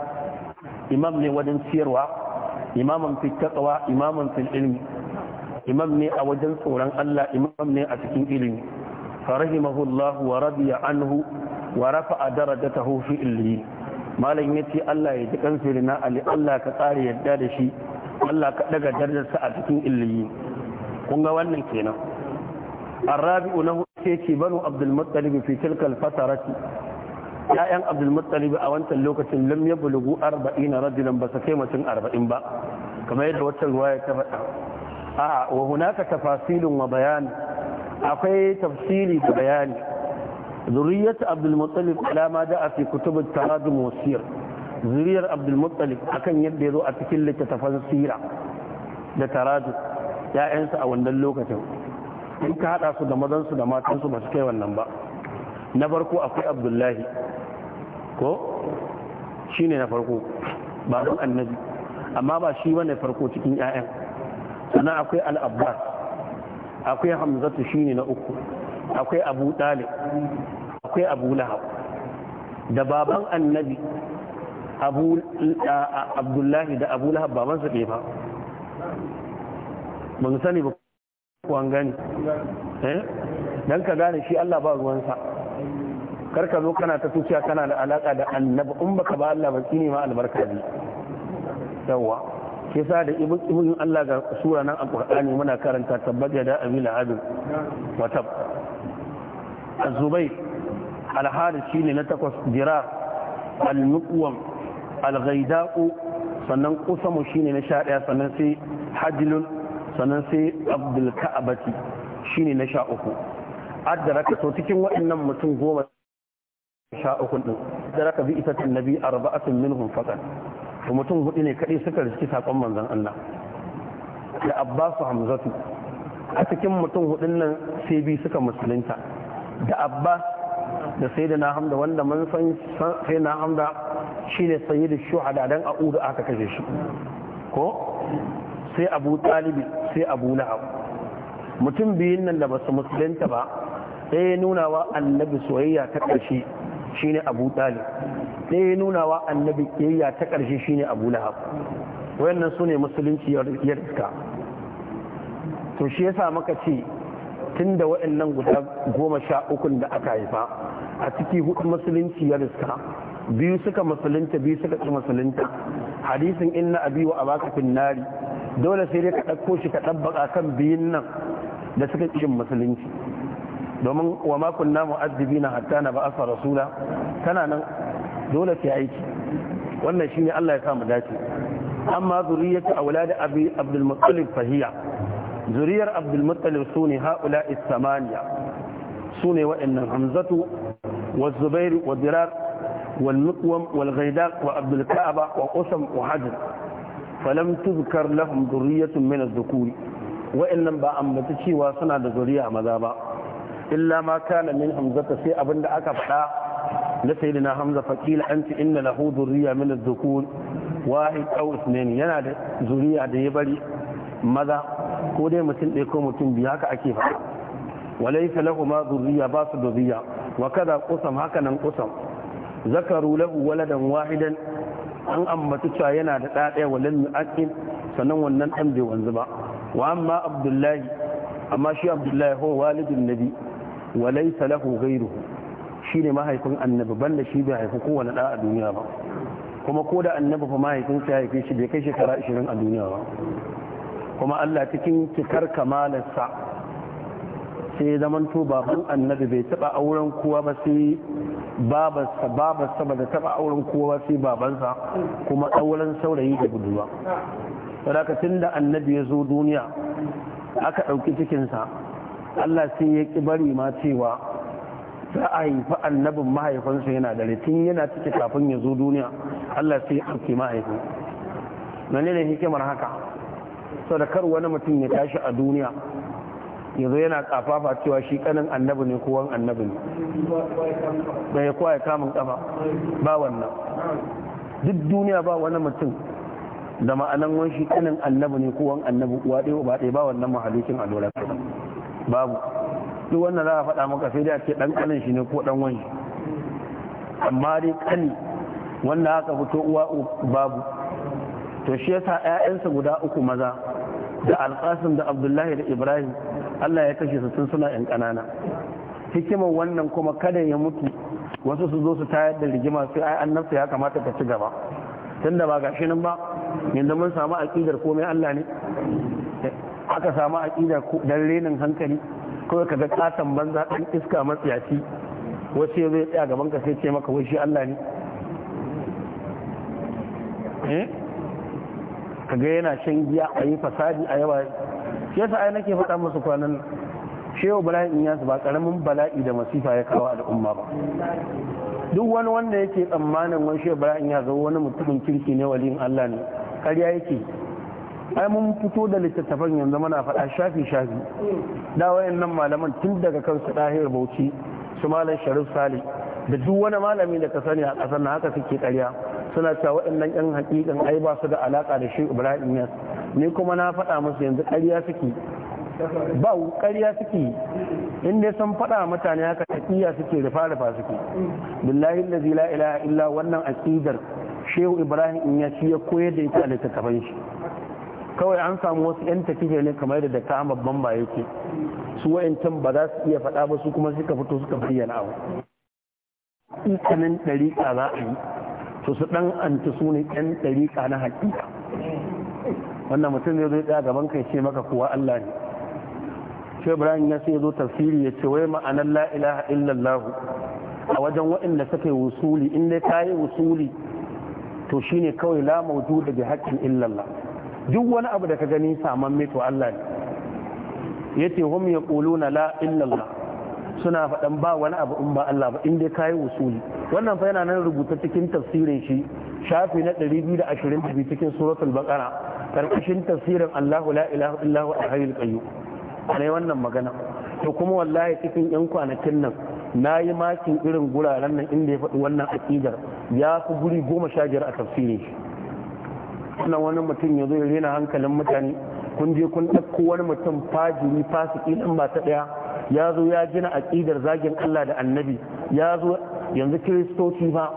imam ne wajen ciyarwa imaman fi taqwa imaman fil ilmi imam ne a wajen tsoron Allah imam ne a cikin ilimi farahimahu Allah wa radiya anhu wa rafa'a darajatahu fi ilmi malam yace Allah ya ji kansirina rina ali Allah ka tsare yadda da shi Allah ka daga darajarsa a cikin ilmi kun ga wannan kenan الرابع له سيتي بنو عبد المطلب في تلك الفترة ya'yan abdulmuttalib a wancan lokacin lam ya bulugu arba'ina rajulan ba su kai mutum arba'in ba kamar yadda wata ruwaya ta faɗa a wa hunaka tafasilun wa bayani akwai tafsiri da bayani zuriyat abdulmuttalib alama da a fi kutubut taradum wasir zuriyar abdulmuttalib akan yadda ya zo a cikin littattafan sira da taradum ya'yansa a wannan lokacin in ka haɗa su da mazansu da matansu ba su kai wannan ba na farko akwai abdullahi ko shi ne na farko ba don annabi amma ba shi ba na farko cikin 'ya'yan sannan akwai al'abbas akwai hamzatu shi ne na uku akwai abu talib akwai abu lahab da baban annabi abdullahi da abu lahab babansa ɗaya ba ban sani ba kuwan gani eh? don ka gane shi allah ba ruwansa kar ka zo kana ta tuciya kana da alaka da annabi in baka ba Allah ba shine ma albarka ne yawa ke sa da ibn Allah ga sura nan alqur'ani muna karanta tabbaja da abil adu wa tab azubayr zubayr shine na takwas jira almuqwam muqwam al-ghaida'u sannan kusamu shine na 11 sannan sai hajlun sannan sai abdul ka'abati shine na 13 addaraka to cikin waɗannan mutum goma sha uku din daraka bi isa annabi arba'atun minhum faqat to mutum hudu ne kaɗai suka riski sakon manzon Allah da Abbasu Hamzatu a cikin mutum hudun nan sai bi suka musulunta da Abbas da na Hamza wanda mun san sai Sayyidina Hamza shine sayyidu shuhada dan a udu aka kashe shi ko sai Abu Talib sai Abu Lahab mutum biyun nan da ba su musulunta ba sai ya nuna wa annabi soyayya ta ƙarshe shine abu talib ɗaya nuna wa annabi ƙiyayya ta ƙarshe shine abu lahab wayannan su ne musulunci ya riska to shi yasa maka ce tun da waɗannan guda goma sha ukun da aka haifa a ciki hudu musulunci ya riska biyu suka musulunta biyu suka ci musulunta hadisin inna abi wa abaka fin nari dole sai dai ka ɗauko shi ka ɗabbaka kan biyun nan da suka ci musulunci domin wa ma kunna mu'azzibina hatta na ba asa rasula tana nan dole sai aiki wannan shine Allah ya sa dace amma zuriyatu aulad abi abdul muttalib fahiya zuriyar abdul muttalib sune haula su ne wa'annan hamzatu wa Zubairu wa dirar wal muqwam wal ghaidaq wa abdul ka'aba wa kusan wa hajar falam tuzkar lahum zuriyatun min adh-dhukuri wa'annan ba ambata cewa suna da zuriya maza ba illa ma kana min hamzata sai abinda aka faɗa na sayyidina hamza an anti inna lahu dhurriya min adh-dhukur wahid aw ithnain yana da zuriya da ya bari maza ko dai mutum ɗaya ko mutum biyu haka ake faɗa walaysa lahu ma dhurriya ba su dhurriya wa kada qusam haka nan qusam zakaru lahu waladan wahidan an ambaci cewa yana da ɗa ɗaya walan yu'aqib sannan wannan ɗan bai wanzu ba wa amma abdullahi amma shi abdullahi ho walidin nabi Walai laysa lahu ghayruhu shine mahaifin annabi banda shi bai haifi kowane da a duniya ba kuma ko da annabi fa mahaifin sa haife shi bai kai shekara 20 a duniya ba kuma Allah cikin cikar kamalarsa sai zaman to baban annabi bai taba auren kowa ba sai babarsa babarsa ba da taba auren kowa sai babansa kuma auren saurayi da budurwa saboda tun da annabi ya zo duniya aka ɗauki cikinsa Allah sai ya ƙi bari ma cewa za a haifi annabin mahaifinsa yana dare tun yana cikin kafin ya zo duniya Allah sai ya ɗauke mahaifin mene ne hikimar haka sau da kar wani mutum ya tashi a duniya yanzu yana kafafa cewa shi kanin annabi ne kowan annabi ne bai ya kowa ya kamun kafa ba wannan duk duniya ba wani mutum da ma'anan wani shi kanin annabi ne kowan annabi uwa ɗaya ba ɗaya ba wannan mahalikin a lura babu duk wannan za a faɗa maka sai dai a ce ɗan ƙanin shi ne ko ɗan wani amma dai ƙani wanda aka fito uwa babu to shi yasa ƴaƴansa guda uku maza da alƙasim da abdullahi da ibrahim allah ya kashe su tun suna ƴan ƙanana hikimar wannan kuma kada ya mutu wasu su zo su tayar da rigima sai ai annabta ya kamata ka ci gaba tunda ba gashi nan ba yanzu mun samu aƙidar komai allah ne aka samu aƙida dan renin hankali ko ka ga katon banza ɗan iska matsiyaci wasu zai tsaya gaban ka sai ce maka wai shi Allah ne eh? ka ga yana shan giya a yi fasadi a yawa shi yasa ai nake faɗa musu kwanan shehu in yasu ba karamin bala'i da masifa ya kawo al'umma ba duk wani wanda yake tsammanin wani shehu bala'in ya zo wani mutumin kirki ne waliyin Allah ne ƙarya yake ai mun fito da littattafan yanzu mana faɗa shafi shafi da wayan nan malaman tun daga kansu ɗahir bauchi su malam sharif sali da duk wani malami da ka sani a ƙasar na haka suke ƙarya suna cewa waɗannan yan hakikan ai ba su da alaƙa da shi ibrahim yas ni kuma na faɗa musu yanzu ƙarya suke ba ƙarya suke dai sun faɗa mutane haka aƙiya suke rufa rufa suke billahi allazi la ilaha illa wannan aƙidar shehu ibrahim in ya ya koyar da ita a littattafan shi kawai an samu wasu yan tafiya ne kamar da ta amma Bamba yake su wayancan ba za su iya faɗa ba su kuma suka fito suka bayyana abu ikanin ɗariƙa za a yi to su ɗan anti su ne 'yan ɗariƙa na haƙiƙa wannan mutum zai zo tsaya gaban kai ce maka kuwa Allah ne shi Ibrahim ya sai zo tafsiri ya ce wai ma'anar la ilaha illallah a wajen waɗanda suka yi wusuli in dai ta yi wusuli to shine kawai la mawjuda bi haqqin illallah duk wani abu da ka gani saman to Allah ne yace hum ya la illa suna faɗan ba wani abu in ba Allah ba in dai kayi usuli wannan fa yana nan rubuta cikin tafsirin shi shafi na 222 cikin suratul baqara karkashin tafsirin Allahu la ilaha illahu a hayyul qayyum ne wannan magana to kuma wallahi cikin yan kwanakin nan na yi makin irin guraren nan inda ya faɗi wannan aƙidar ya fi guri goma sha biyar a tafsirin shi Wannan wani mutum ya zo ya rena hankalin mutane kun je kun ɗauko wani mutum fajiri fasiki ɗin ba ta ɗaya ya zo ya gina aƙidar zagin Allah da annabi ya zo yanzu kiristoci ba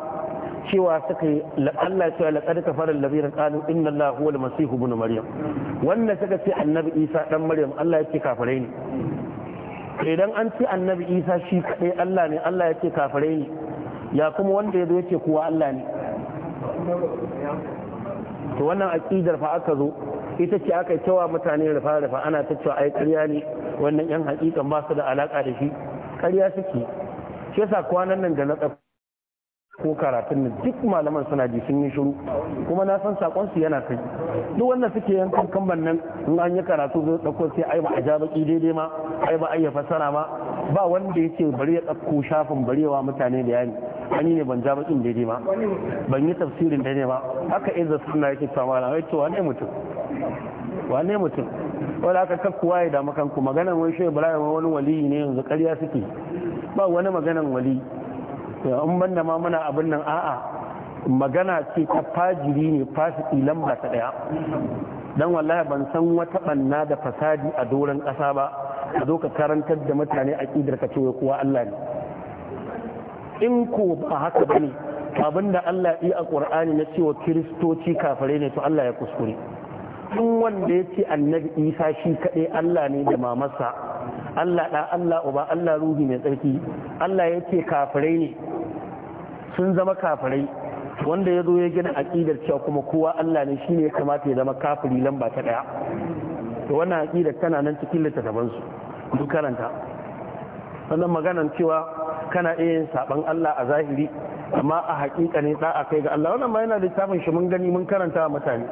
cewa suka yi Allah cewa laqad kafara allazina qalu inna Allah huwa al-masih ibn maryam wannan suka ce annabi Isa dan maryam Allah ya ce kafirai ne idan an ce annabi Isa shi kadai Allah ne Allah ya ce kafirai ne ya kuma wanda ya zo yake kuwa Allah ne to wannan aƙidar fa aka zo ita ce aka cewa mutane rufa rufa ana ta cewa ai ƙarya ne wannan yan hakikan ba su da alaka da shi ƙarya suke shi yasa kwanan nan da na ko karatun nan duk malaman suna ji sun yi shiru kuma na san sakon su yana kai duk wanda suke yankan kamban nan in an yi karatu zai dauko sai ai ba a ja baki daidai ma ai ba ai ya fassara ma ba wanda yake bari ya dauko shafin barewa mutane da yani an yi ne ban ja bakin daidai ma ban yi tafsirin daidai ma haka idan sunna yake cewa Wai to wane mutum wane mutum wala aka kakkuwa ya damu ku? maganan wani shehu ibrahim wani wali ne yanzu ƙarya suke ba wani maganan wali. in in da ma muna abin nan a'a magana ce ta fajiri ne fasiki lamba ta daya dan wallahi ban san wata banna da fasadi a doron kasa ba a zo ka karantar da mutane a kidar ka cewa kuwa Allah ne in ko ba haka bane abin da Allah yi a Qur'ani na cewa kiristoci kafare ne to Allah ya kuskure in wanda ya ce annabi Isa shi kaɗai Allah ne da mamarsa Allah ɗa Allah uba Allah ruhi mai tsarki Allah ya ce kafirai ne sun zama kafirai wanda ya zo ya gina aƙidar cewa kuma kowa Allah ne shine ya kamata ya zama kafiri lamba ta ɗaya to wannan aƙidar tana nan cikin littattafansu duk karanta sannan maganan cewa kana iya yin saɓan Allah a zahiri amma a haƙiƙa ne za a kai ga Allah wannan ma yana da littafin shi mun gani mun karanta mutane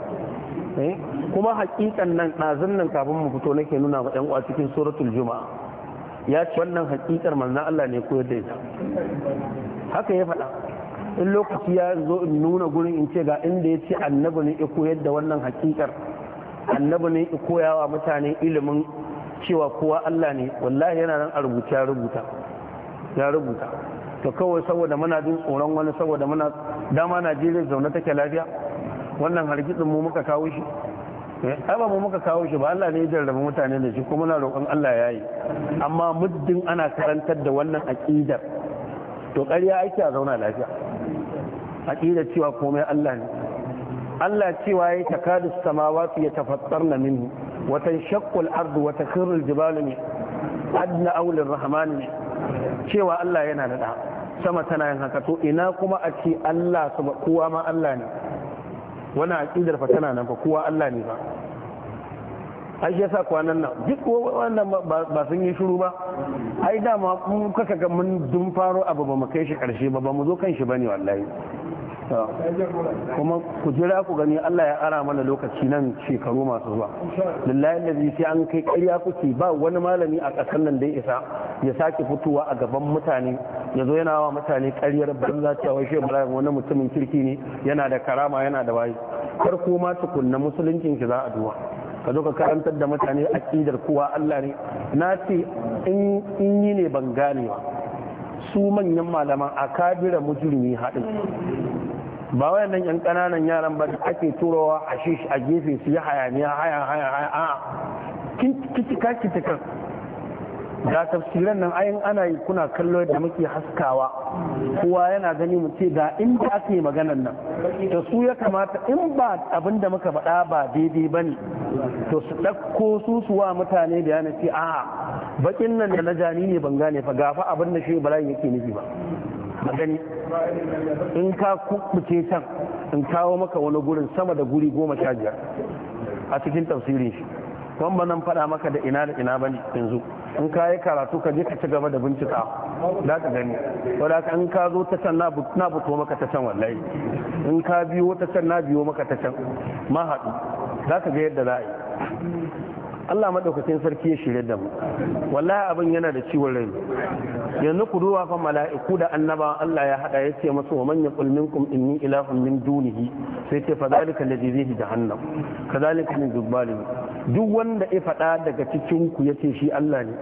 eh? kuma haƙiƙan nan ɗazun nan kafin mu fito nake nuna ma 'yan uwa cikin suratul juma'a ya ce wannan haƙiƙar manzan Allah ne koyar da ita haka ya faɗa in lokaci ya zo in nuna gurin in ce ga inda ya ce annabi ne ya koyar da wannan hakikar annabi ne ya yawa mutane ilimin cewa kowa Allah ne wallahi yana nan a rubuta ya rubuta ya rubuta to kawai saboda muna jin tsoron wani saboda muna dama Najeriya zaune take lafiya wannan hargitsin mu muka kawo shi eh, ai ba mu muka kawo shi ba Allah ne ya jarraba mutane da shi kuma muna roƙon Allah ya yi amma muddin ana karantar da wannan aqidar to ƙarya aiki a zauna lafiya a ƙila cewa komai Allah ne Allah cewa ya takadu samawati ya tafattar na minhu watan shakkul ardu wata kirrul jibalu ne adna aulin rahman ne cewa Allah yana da ɗa sama tana yin haka to ina kuma a ce Allah kowa ma Allah ne wani aƙidar fa tana nan fa kowa Allah ne ba ai shi yasa kwanan nan duk wannan ba sun yi shiru ba ai dama mun kaka ga mun dun faro abu ba mu kai shi karshe ba ba mu zo kan shi bane wallahi kuma ku jira ku gani Allah ya ara mana lokaci nan shekaru masu zuwa lillahi lazi sai an kai ƙarya kuke ba wani malami a ƙasar nan da ya isa ya sake fitowa a gaban mutane ya zo yana wa mutane ƙaryar banza cewa shi Ibrahim wani mutumin kirki ne yana da karama yana da wayi kar ko ma tukunna musuluncin ki za a duba ka zo ka karantar da mutane a ƙidar kowa Allah ne na ce in yi ne ban gane ba su manyan malaman a akabira mujrimi haɗin ba wayannan yan ƙananan yaran ba ake turawa a shish a gefe su yi hayaniya haya haya haya a ta kan ga tafsirin nan ayin ana yi kuna kallo da muke haskawa kowa yana gani mu ce ga inda ake maganan nan to su ya kamata in ba abin da muka faɗa ba daidai ba ne to su ɗauko su suwa mutane da yana ce a bakin nan da na jani ne ban gane fa gafa abin da shi bala'in yake nufi ba magani in ka kubuce can in kawo maka wani gurin sama da guri goma sha biyar a cikin tafsirin shi don ba nan faɗa maka da ina da ina ba yanzu in ka yi karatu ka je ka ci gaba da bincika za ka gani wadda ka in ka zo ta can na buto maka ta can wallahi in ka biyo ta can na biyo maka ta can ma haɗu za ka ga yadda za a yi Allah madaukakin sarki ya shirya da mu wallahi abin yana da ciwon rai yanzu ku duba fa mala'iku da annaba Allah ya hada ya ce masu wa man yaqul minkum inni ilahun min dunihi sai ce fa zalika alladhi zai jahannam kadhalika min dubbali duk wanda ya fada daga cikin ku yace shi Allah ne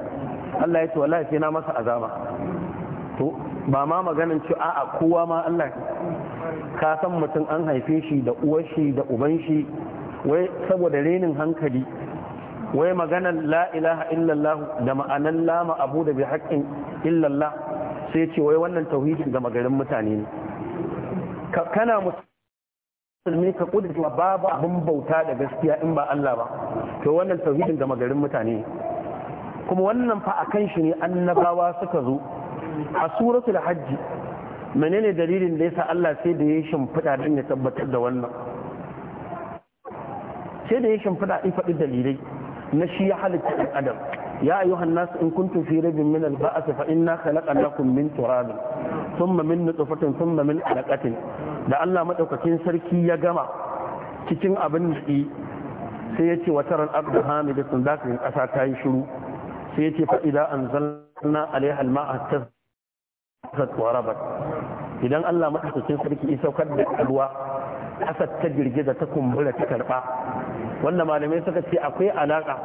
Allah ya ce wallahi sai na masa azaba to ba ma maganin ci a'a kowa ma Allah ka san mutum an haife shi da uwar shi da uban shi wai saboda renin hankali wai magana la ilaha illallah da ma'anan lama abu da bi haƙƙin illallah sai ce wai wannan tauhidin ga magarin mutane ne kana musulmi ka kudurta ba babu abin bauta da gaskiya in ba Allah ba to wannan tauhidin ga magarin mutane ne kuma wannan fa akan shi ne annabawa suka zo a suratul hajji menene dalilin da yasa Allah sai da ya shimfida din ya tabbatar da wannan sai da ya shimfida din faɗi dalilai na shi ya halitta ɗan adam ya ayyuha nas in kuntum fi raibin min al-ba'th fa inna khalaqnakum min turab thumma min nutfatin thumma min alaqatin da Allah madaukakin sarki ya gama cikin abin da sai yace wa taral abdu hamidatun zaka yin kasa ta yi shiru sai yace fa idza anzalna alaiha al-ma'a tazat wa rabat idan Allah madaukakin sarki ya saukar da ruwa kasar ta girgiza ta kumbura ta karba wanda malamai suka ce akwai alaka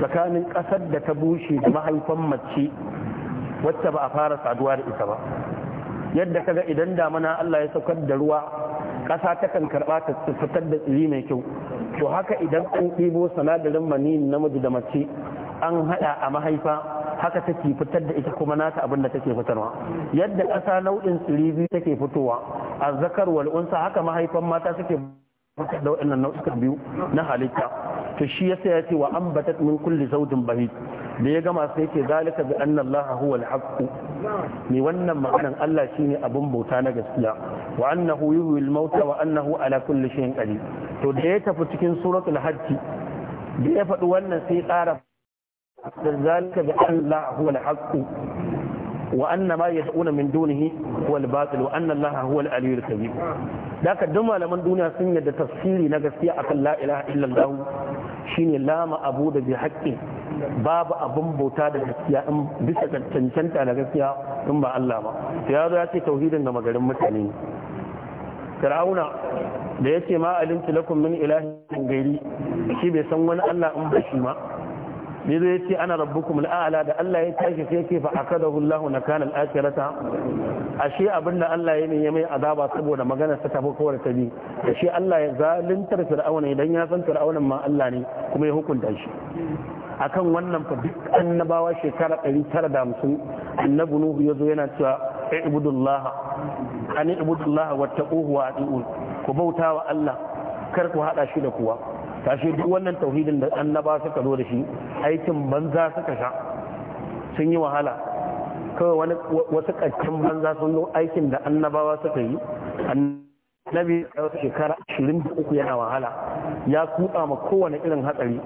tsakanin kasar da ta bushe da mahaifan mace wacce ba a fara saduwa da isa ba yadda kaga idan damana Allah ya saukar da ruwa kasa ta kan karba ta fitar da tsiri mai kyau to haka idan an ɗibo sanadarin maniyin namiji da mace an haɗa a mahaifa haka take fitar da ita kuma nata abin da take fitarwa yadda ƙasa nau'in tsiri biyu take fitowa a zakar wal'unsa haka mahaifan mata suke fitar da waɗannan nau'ikan biyu na halitta to shi yasa ya ce wa an ambatat min kulli zawjin bahid da ya gama sai ce zalika bi anna allaha huwal haqq ni wannan maganan Allah shine abin bauta na gaskiya wa annahu yuhyi al-mauta wa annahu ala kulli shay'in qadir to da ya tafi cikin suratul hajj da ya faɗi wannan sai tsara. ذلك بأن لا هو الحق وأن ما يدعون من دونه هو الباطل وأن الله هو العلي الكبير ذاك دم لمن من سنة تفسير نقصية أقل لا إله إلا الله شيني لا ما أبود بحق باب أبن بوتاد دقصي أم بسك تنشنت على قصية ثم الله ما في هذا يأتي توحيدا لما قدم متعلين فرعون ليس ما ce لكم من إله غيري ilahin gairi shi bai san ne zai ce ana rabbukum al'ala da Allah ya tashi sai ke fa akadahu Allah na kana al'akhirata ashe abinda Allah ya ne ya mai azaba saboda magana ta tafi kowar ta bi ashe Allah ya zalintar fir'auna idan ya san fir'aunan ma Allah ne kuma ya hukunta shi akan wannan fa duk annabawa shekara 950 annabu nuhu yazo yana cewa ibudullah Dullaha wata wattaquhu wa atiun ku bautawa Allah kar ku haɗa shi da kuwa tashi duk wannan tauhidin da annaba suka zo da shi aikin banza suka sha sun yi wahala kawai wasu ƙarshen banza sun zo aikin da annabawa suka yi annabi a wasu shekara ashirin da uku yana wahala ya kuɗa ma kowane irin hatsari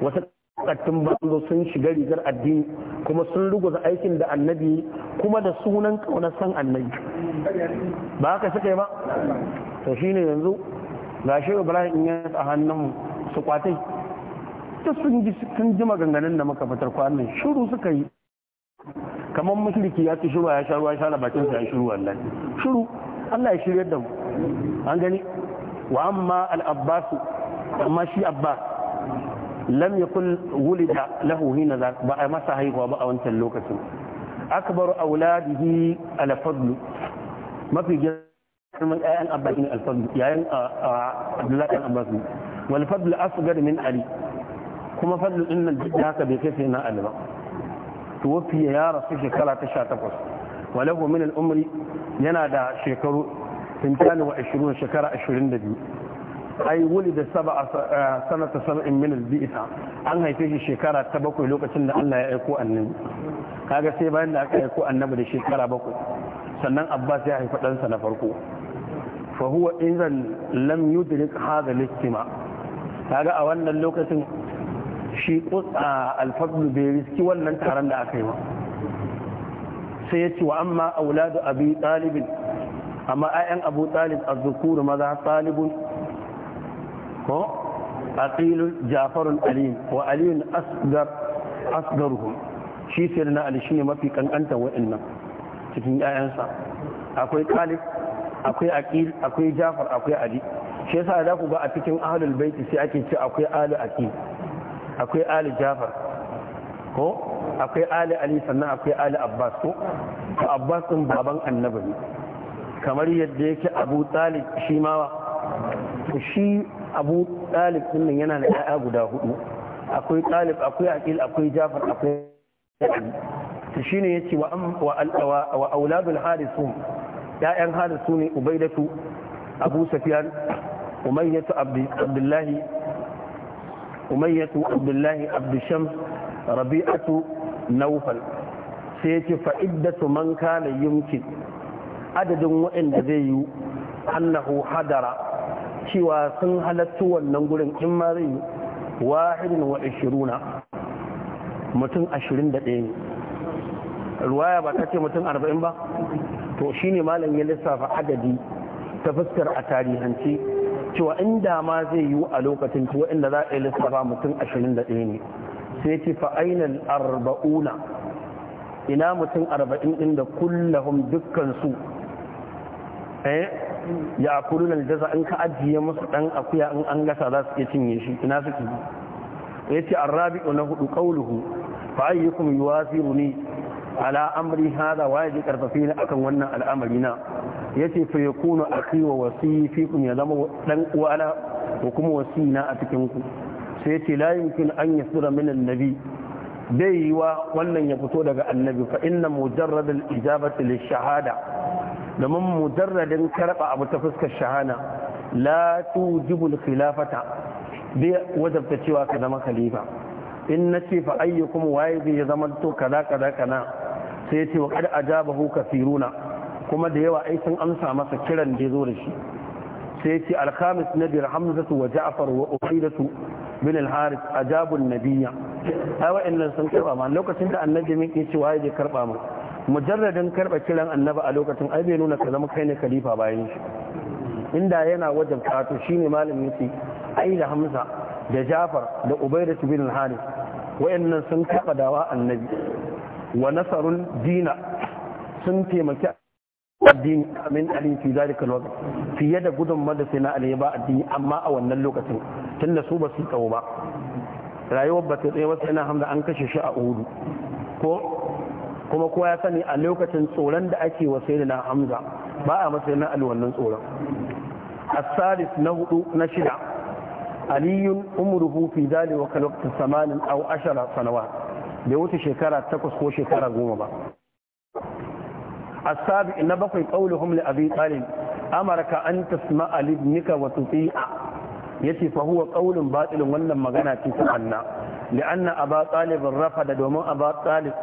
wasu ƙarshen banza sun shiga rigar addini kuma sun ruguza aikin da annabi kuma da sunan kauna san annabi ba haka suka yi ba to shine yanzu ga shi ibrahim ya a hannunmu su kwatai ta sun ji sun ji maganganun da muka fitar kwanan shiru suka yi kamar mushriki ya ci shiru ya sha ruwa sha la sa ya shiru wallahi shiru Allah ya shiryar da mu an gani wa amma al-abbas amma shi abbas lam yakul wulida lahu hina ba a masa haihuwa ba a wancan lokacin akbaru auladihi al-fadl mafi girman ayyan abbas ne al-fadl yayin abdullahi al-abbas wal fadl asghar min ali kuma fadl din nan duk haka bai kai na ali ba tuwafi ya rasu shekara ta 18 walahu min al umri yana da shekaru 22 shekara 22 ai wulida sab'a sanata sab'in min al bi'sa an haife shi shekara ta bakwai lokacin da Allah ya aiko annabi kaga sai bayan da aka aiko annabi da shekara bakwai sannan Abbas ya haifi ɗansa na farko fa huwa idan lam yudrik hadha al ihtima kaga a wannan lokacin shi kutsa alfablu bai riski wannan taron da aka yi ba sai ya ce wa amma auladu abi talibin amma ayan abu talib azzukuru maza talibin, ko aqilun jafarun aliyun wa aliyun asgar asgaruhum shi sai na ali shine mafi kankanta wa'annan cikin 'ya'yansa akwai talib akwai aqil akwai jafar akwai ali shi yasa za ku ga a cikin ahlul baiti sai ake ce akwai ali aqi akwai ali jafar ko akwai ali ali sannan akwai ali abbas ko abbas din baban annabi ne kamar yadda yake abu talib shi ma to shi abu talib din nan yana da ƴaƴa guda hudu akwai talib akwai aqil akwai jafar akwai to shine yace wa wa wa auladul harithum ƴaƴan harisu ne ubaidatu abu safiyan umayyatu عبد umayyatu abdullahi abdusham rabi'atu naufal sai ya fa'idda fa'iddatu man kana yumkin adadin waɗanda zai yi annahu hadara cewa sun halattu wannan gurin in ma zai yi wahidin mutum ashirin da ne ruwaya ba ta ce mutum arba'in ba to shine malam ya lissafa adadi ta fuskar a tarihanci cewa inda ma zai yiwu a lokacin to inda za a yi lissafa mutum ashirin da ɗaya ne sai ce fa'ainan arba'una ina mutum arba'in ɗin da kullahum dukkansu eh, ya kuru na jaza in ka ajiye musu ɗan akuya in an gasa za su iya cinye shi ina suke ya ce arrabi'u na hudu ƙauluhu fa'ayyukum yuwasiru ne ala amri hada waye ji karfafe ni akan wannan al'amari na yace fa yakunu akhi wa wasi fikum ya zama dan uwana ko kuma wasi na a cikin ku sai yace la yumkin an yasura min annabi dai wa wannan ya fito daga annabi fa inna mujarrad al-ijabati lish-shahada domin mujarradin karba abu ta fuskar shahana la tujibu al-khilafata bai wajabta cewa ka zama khalifa in nace fa ayyukum waye zai zama to kaza kaza kana sai yace wa qad ajabahu kathiruna kuma da yawa ai sun amsa masa kiran da zo da shi sai ce alkhamis nadir hamzatu wa ja'far wa uqaydatu bin al-harith ajabu nabiyya ai wa'annan sun karba ma lokacin da annabi min yace waye zai karba mu mujarradin karba kiran annabi a lokacin ai bai nuna ka zama kai ne khalifa bayan shi inda yana wajen kato shine malamin yace ai da hamza da ja'far da ubaydatu bin al-harith wa'annan sun karba dawa annabi wa nasarun dina sun taimaki addini min ali fi zalika alwaqt fiye da gudun da sai na ali ba addini amma a wannan lokacin tunda su ba su tsawo ba rayuwar ba ta tsaye ba sai na an kashe shi a uhudu kuma kowa ya sani a lokacin tsoron da ake wa sai na hamza ba a masa na ali wannan tsoron na hudu na shida aliyun umruhu bai wuce shekara 8 ko shekara goma ba asabi ina bakwai qauluhum li abi talib amarka an tasma'a libnika wa tuti'a yace fa huwa qaulun batilun wannan magana ce ta anna li'anna aba talib rafada domin aba talib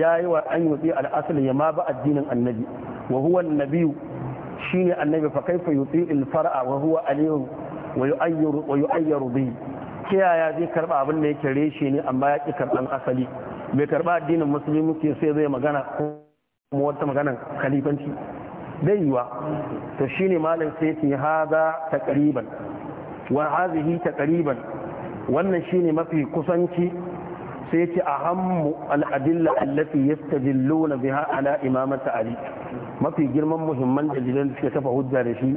yayi wa an yuti al-asl ya ma addinin annabi wa huwa an-nabiy shine annabi fa kaifa yuti al-far'a wa huwa aliyun wa yu'ayyiru kiyaya zai karba abin da yake reshe ne amma ya ki asali mai karba addinin musulmi sai zai magana kuma wata maganan khalifanci bai yiwa to shi ne malam sai ce haza taqriban wa hazihi taqriban wannan shi ne mafi kusanci sai ce ahammu al ya allati yastajilluna biha ala imamati ali mafi girman muhimman da da suke kafa hujja da shi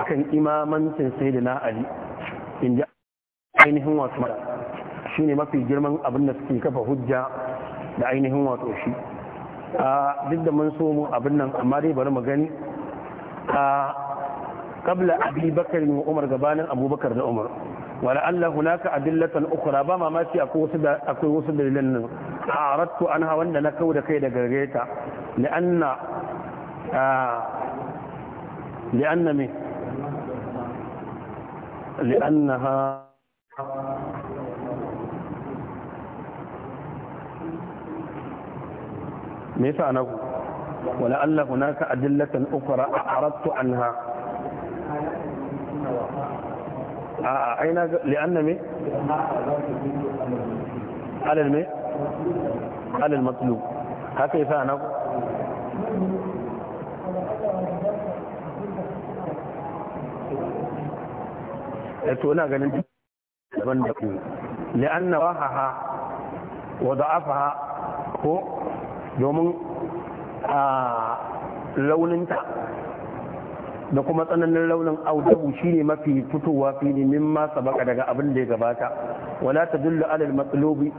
akan imamancin sayyidina ali in ji ainihin shi ne mafi girman abin da suke kafa hujja da ainihin wato shi a duk da mun so mu abin nan amma dai bari mu gani a kabla abi bakar wa umar gabanin abubakar da umar wala Allah hunaka adillatan ukhra ba mamaki akwai wasu da akwai wasu dalilan nan an anha wanda na kauda kai daga gareta li'anna li'anna ميسا أنه ولألا هناك أدلة أخرى أعرضت عنها آه، آه، أين لأن مي على المي على المطلوب هكذا أنه أتونا غنم لأن وضعفها هو domin a launinta da kuma tsananin launin shi shine mafi fitowa fili mimma sabaka daga abin da ya gabata wala tadullu alal matsalobi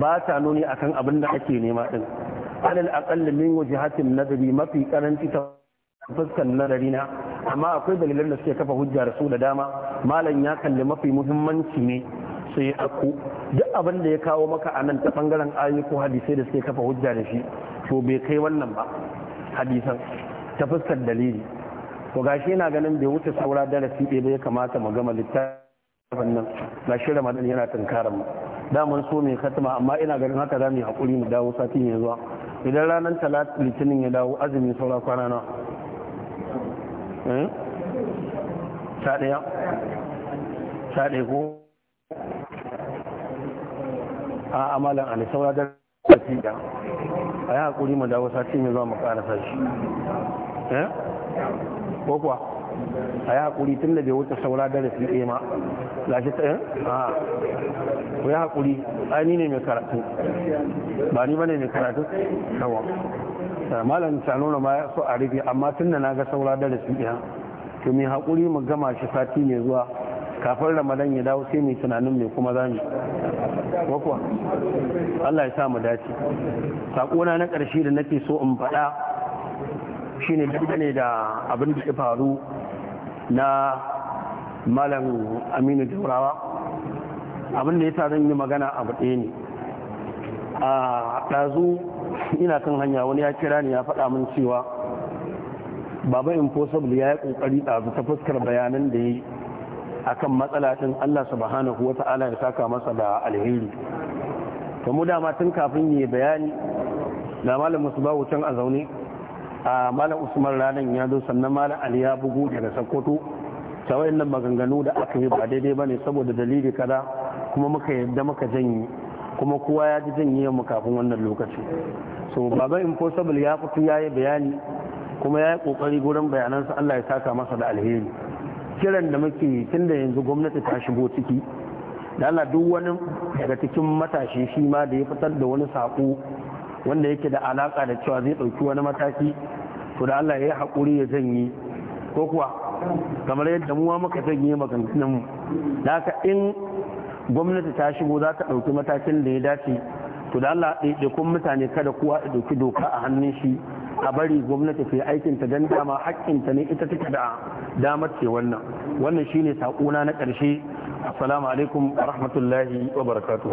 ba ta nuni akan abin da ake nema din alal aqall min waje hatin nazari mafi karanci ta fuskan nazari na amma akwai dalilan da suke kafa hujja da su da dama malam ya kalli mafi muhimmanci ne sai aku duk abin da ya kawo maka a nan ta bangaren ayi ko hadisai da suke kafa hujja da shi to bai kai wannan ba hadisan ta fuskar dalili to gashi yana ganin bai wuce saura darasi ɗaya ba ya kamata mu gama littafin nan gashi ramadan yana tunkarar mu da mun so mai katima amma ina ganin haka za mu yi hakuri mu dawo satin ya zuwa idan ranar talatin litinin ya dawo azumi saura kwana na eh? sha ɗaya ko a amalan a saura da sati da a yi haƙuri mu dawo sati mai zuwa mu ƙarasa shi eh? ko kuwa a yi haƙuri tun da bai wuce saura da rafi ɗaya ma lashe ta eh? a ku yi haƙuri ainihin ne mai karatu ba ni ba ne mai karatu yawa malam nuna ma so a rufe amma tun da na ga saura da rafi ɗaya to mai haƙuri mu gama shi sati mai zuwa kafin ramadan ya dawo sai mai tunanin mai kuma zami kuwa Allah ya sa mu dace sakona na ƙarshe da nake so in faɗa shine dangane da abin da ya faru na malam Aminu Jaurawa abin da ya sa zan yi magana a ɗaya ne a ɗazu ina kan hanya wani ya kira ni ya faɗa min cewa baba impossible ya yi ƙoƙari ɗazu ta fuskar bayanan da ya yi akan matsala din Allah subhanahu wata'ala ya saka masa da alheri to mu dama tun kafin yi bayani da malam musbahu can a zaune a malam usman ranan ya zo sannan malam ali ya bugu daga sakkwato ta wayannan maganganu da aka yi ba daidai bane saboda dalili kaza kuma muka yadda muka janye kuma kowa ya ji janye mu kafin wannan lokaci so baba impossible ya fito yayi bayani kuma ya yi kokari gurin bayanansa Allah ya saka masa da alheri kiran da muke tun da yanzu gwamnati ta shigo ciki da Allah duk wani daga cikin matashi shi ma da ya fitar da wani saƙo wanda yake da alaƙa da cewa zai ɗauki wani mataki to da Allah ya yi haƙuri ya janye ko kuwa kamar yadda muwa muka janye maganganun mu da haka in gwamnati ta shigo za ta ɗauki matakin da ya dace to da Allah ɗaiɗaikun mutane kada kowa ya ɗauki doka a hannun shi a bari gwamnati ta aikin ta dan dama hakkin ta ne ita take da damar ce wannan wannan shine sakuna na ƙarshe assalamu alaikum wa rahmatullahi wa barakatuh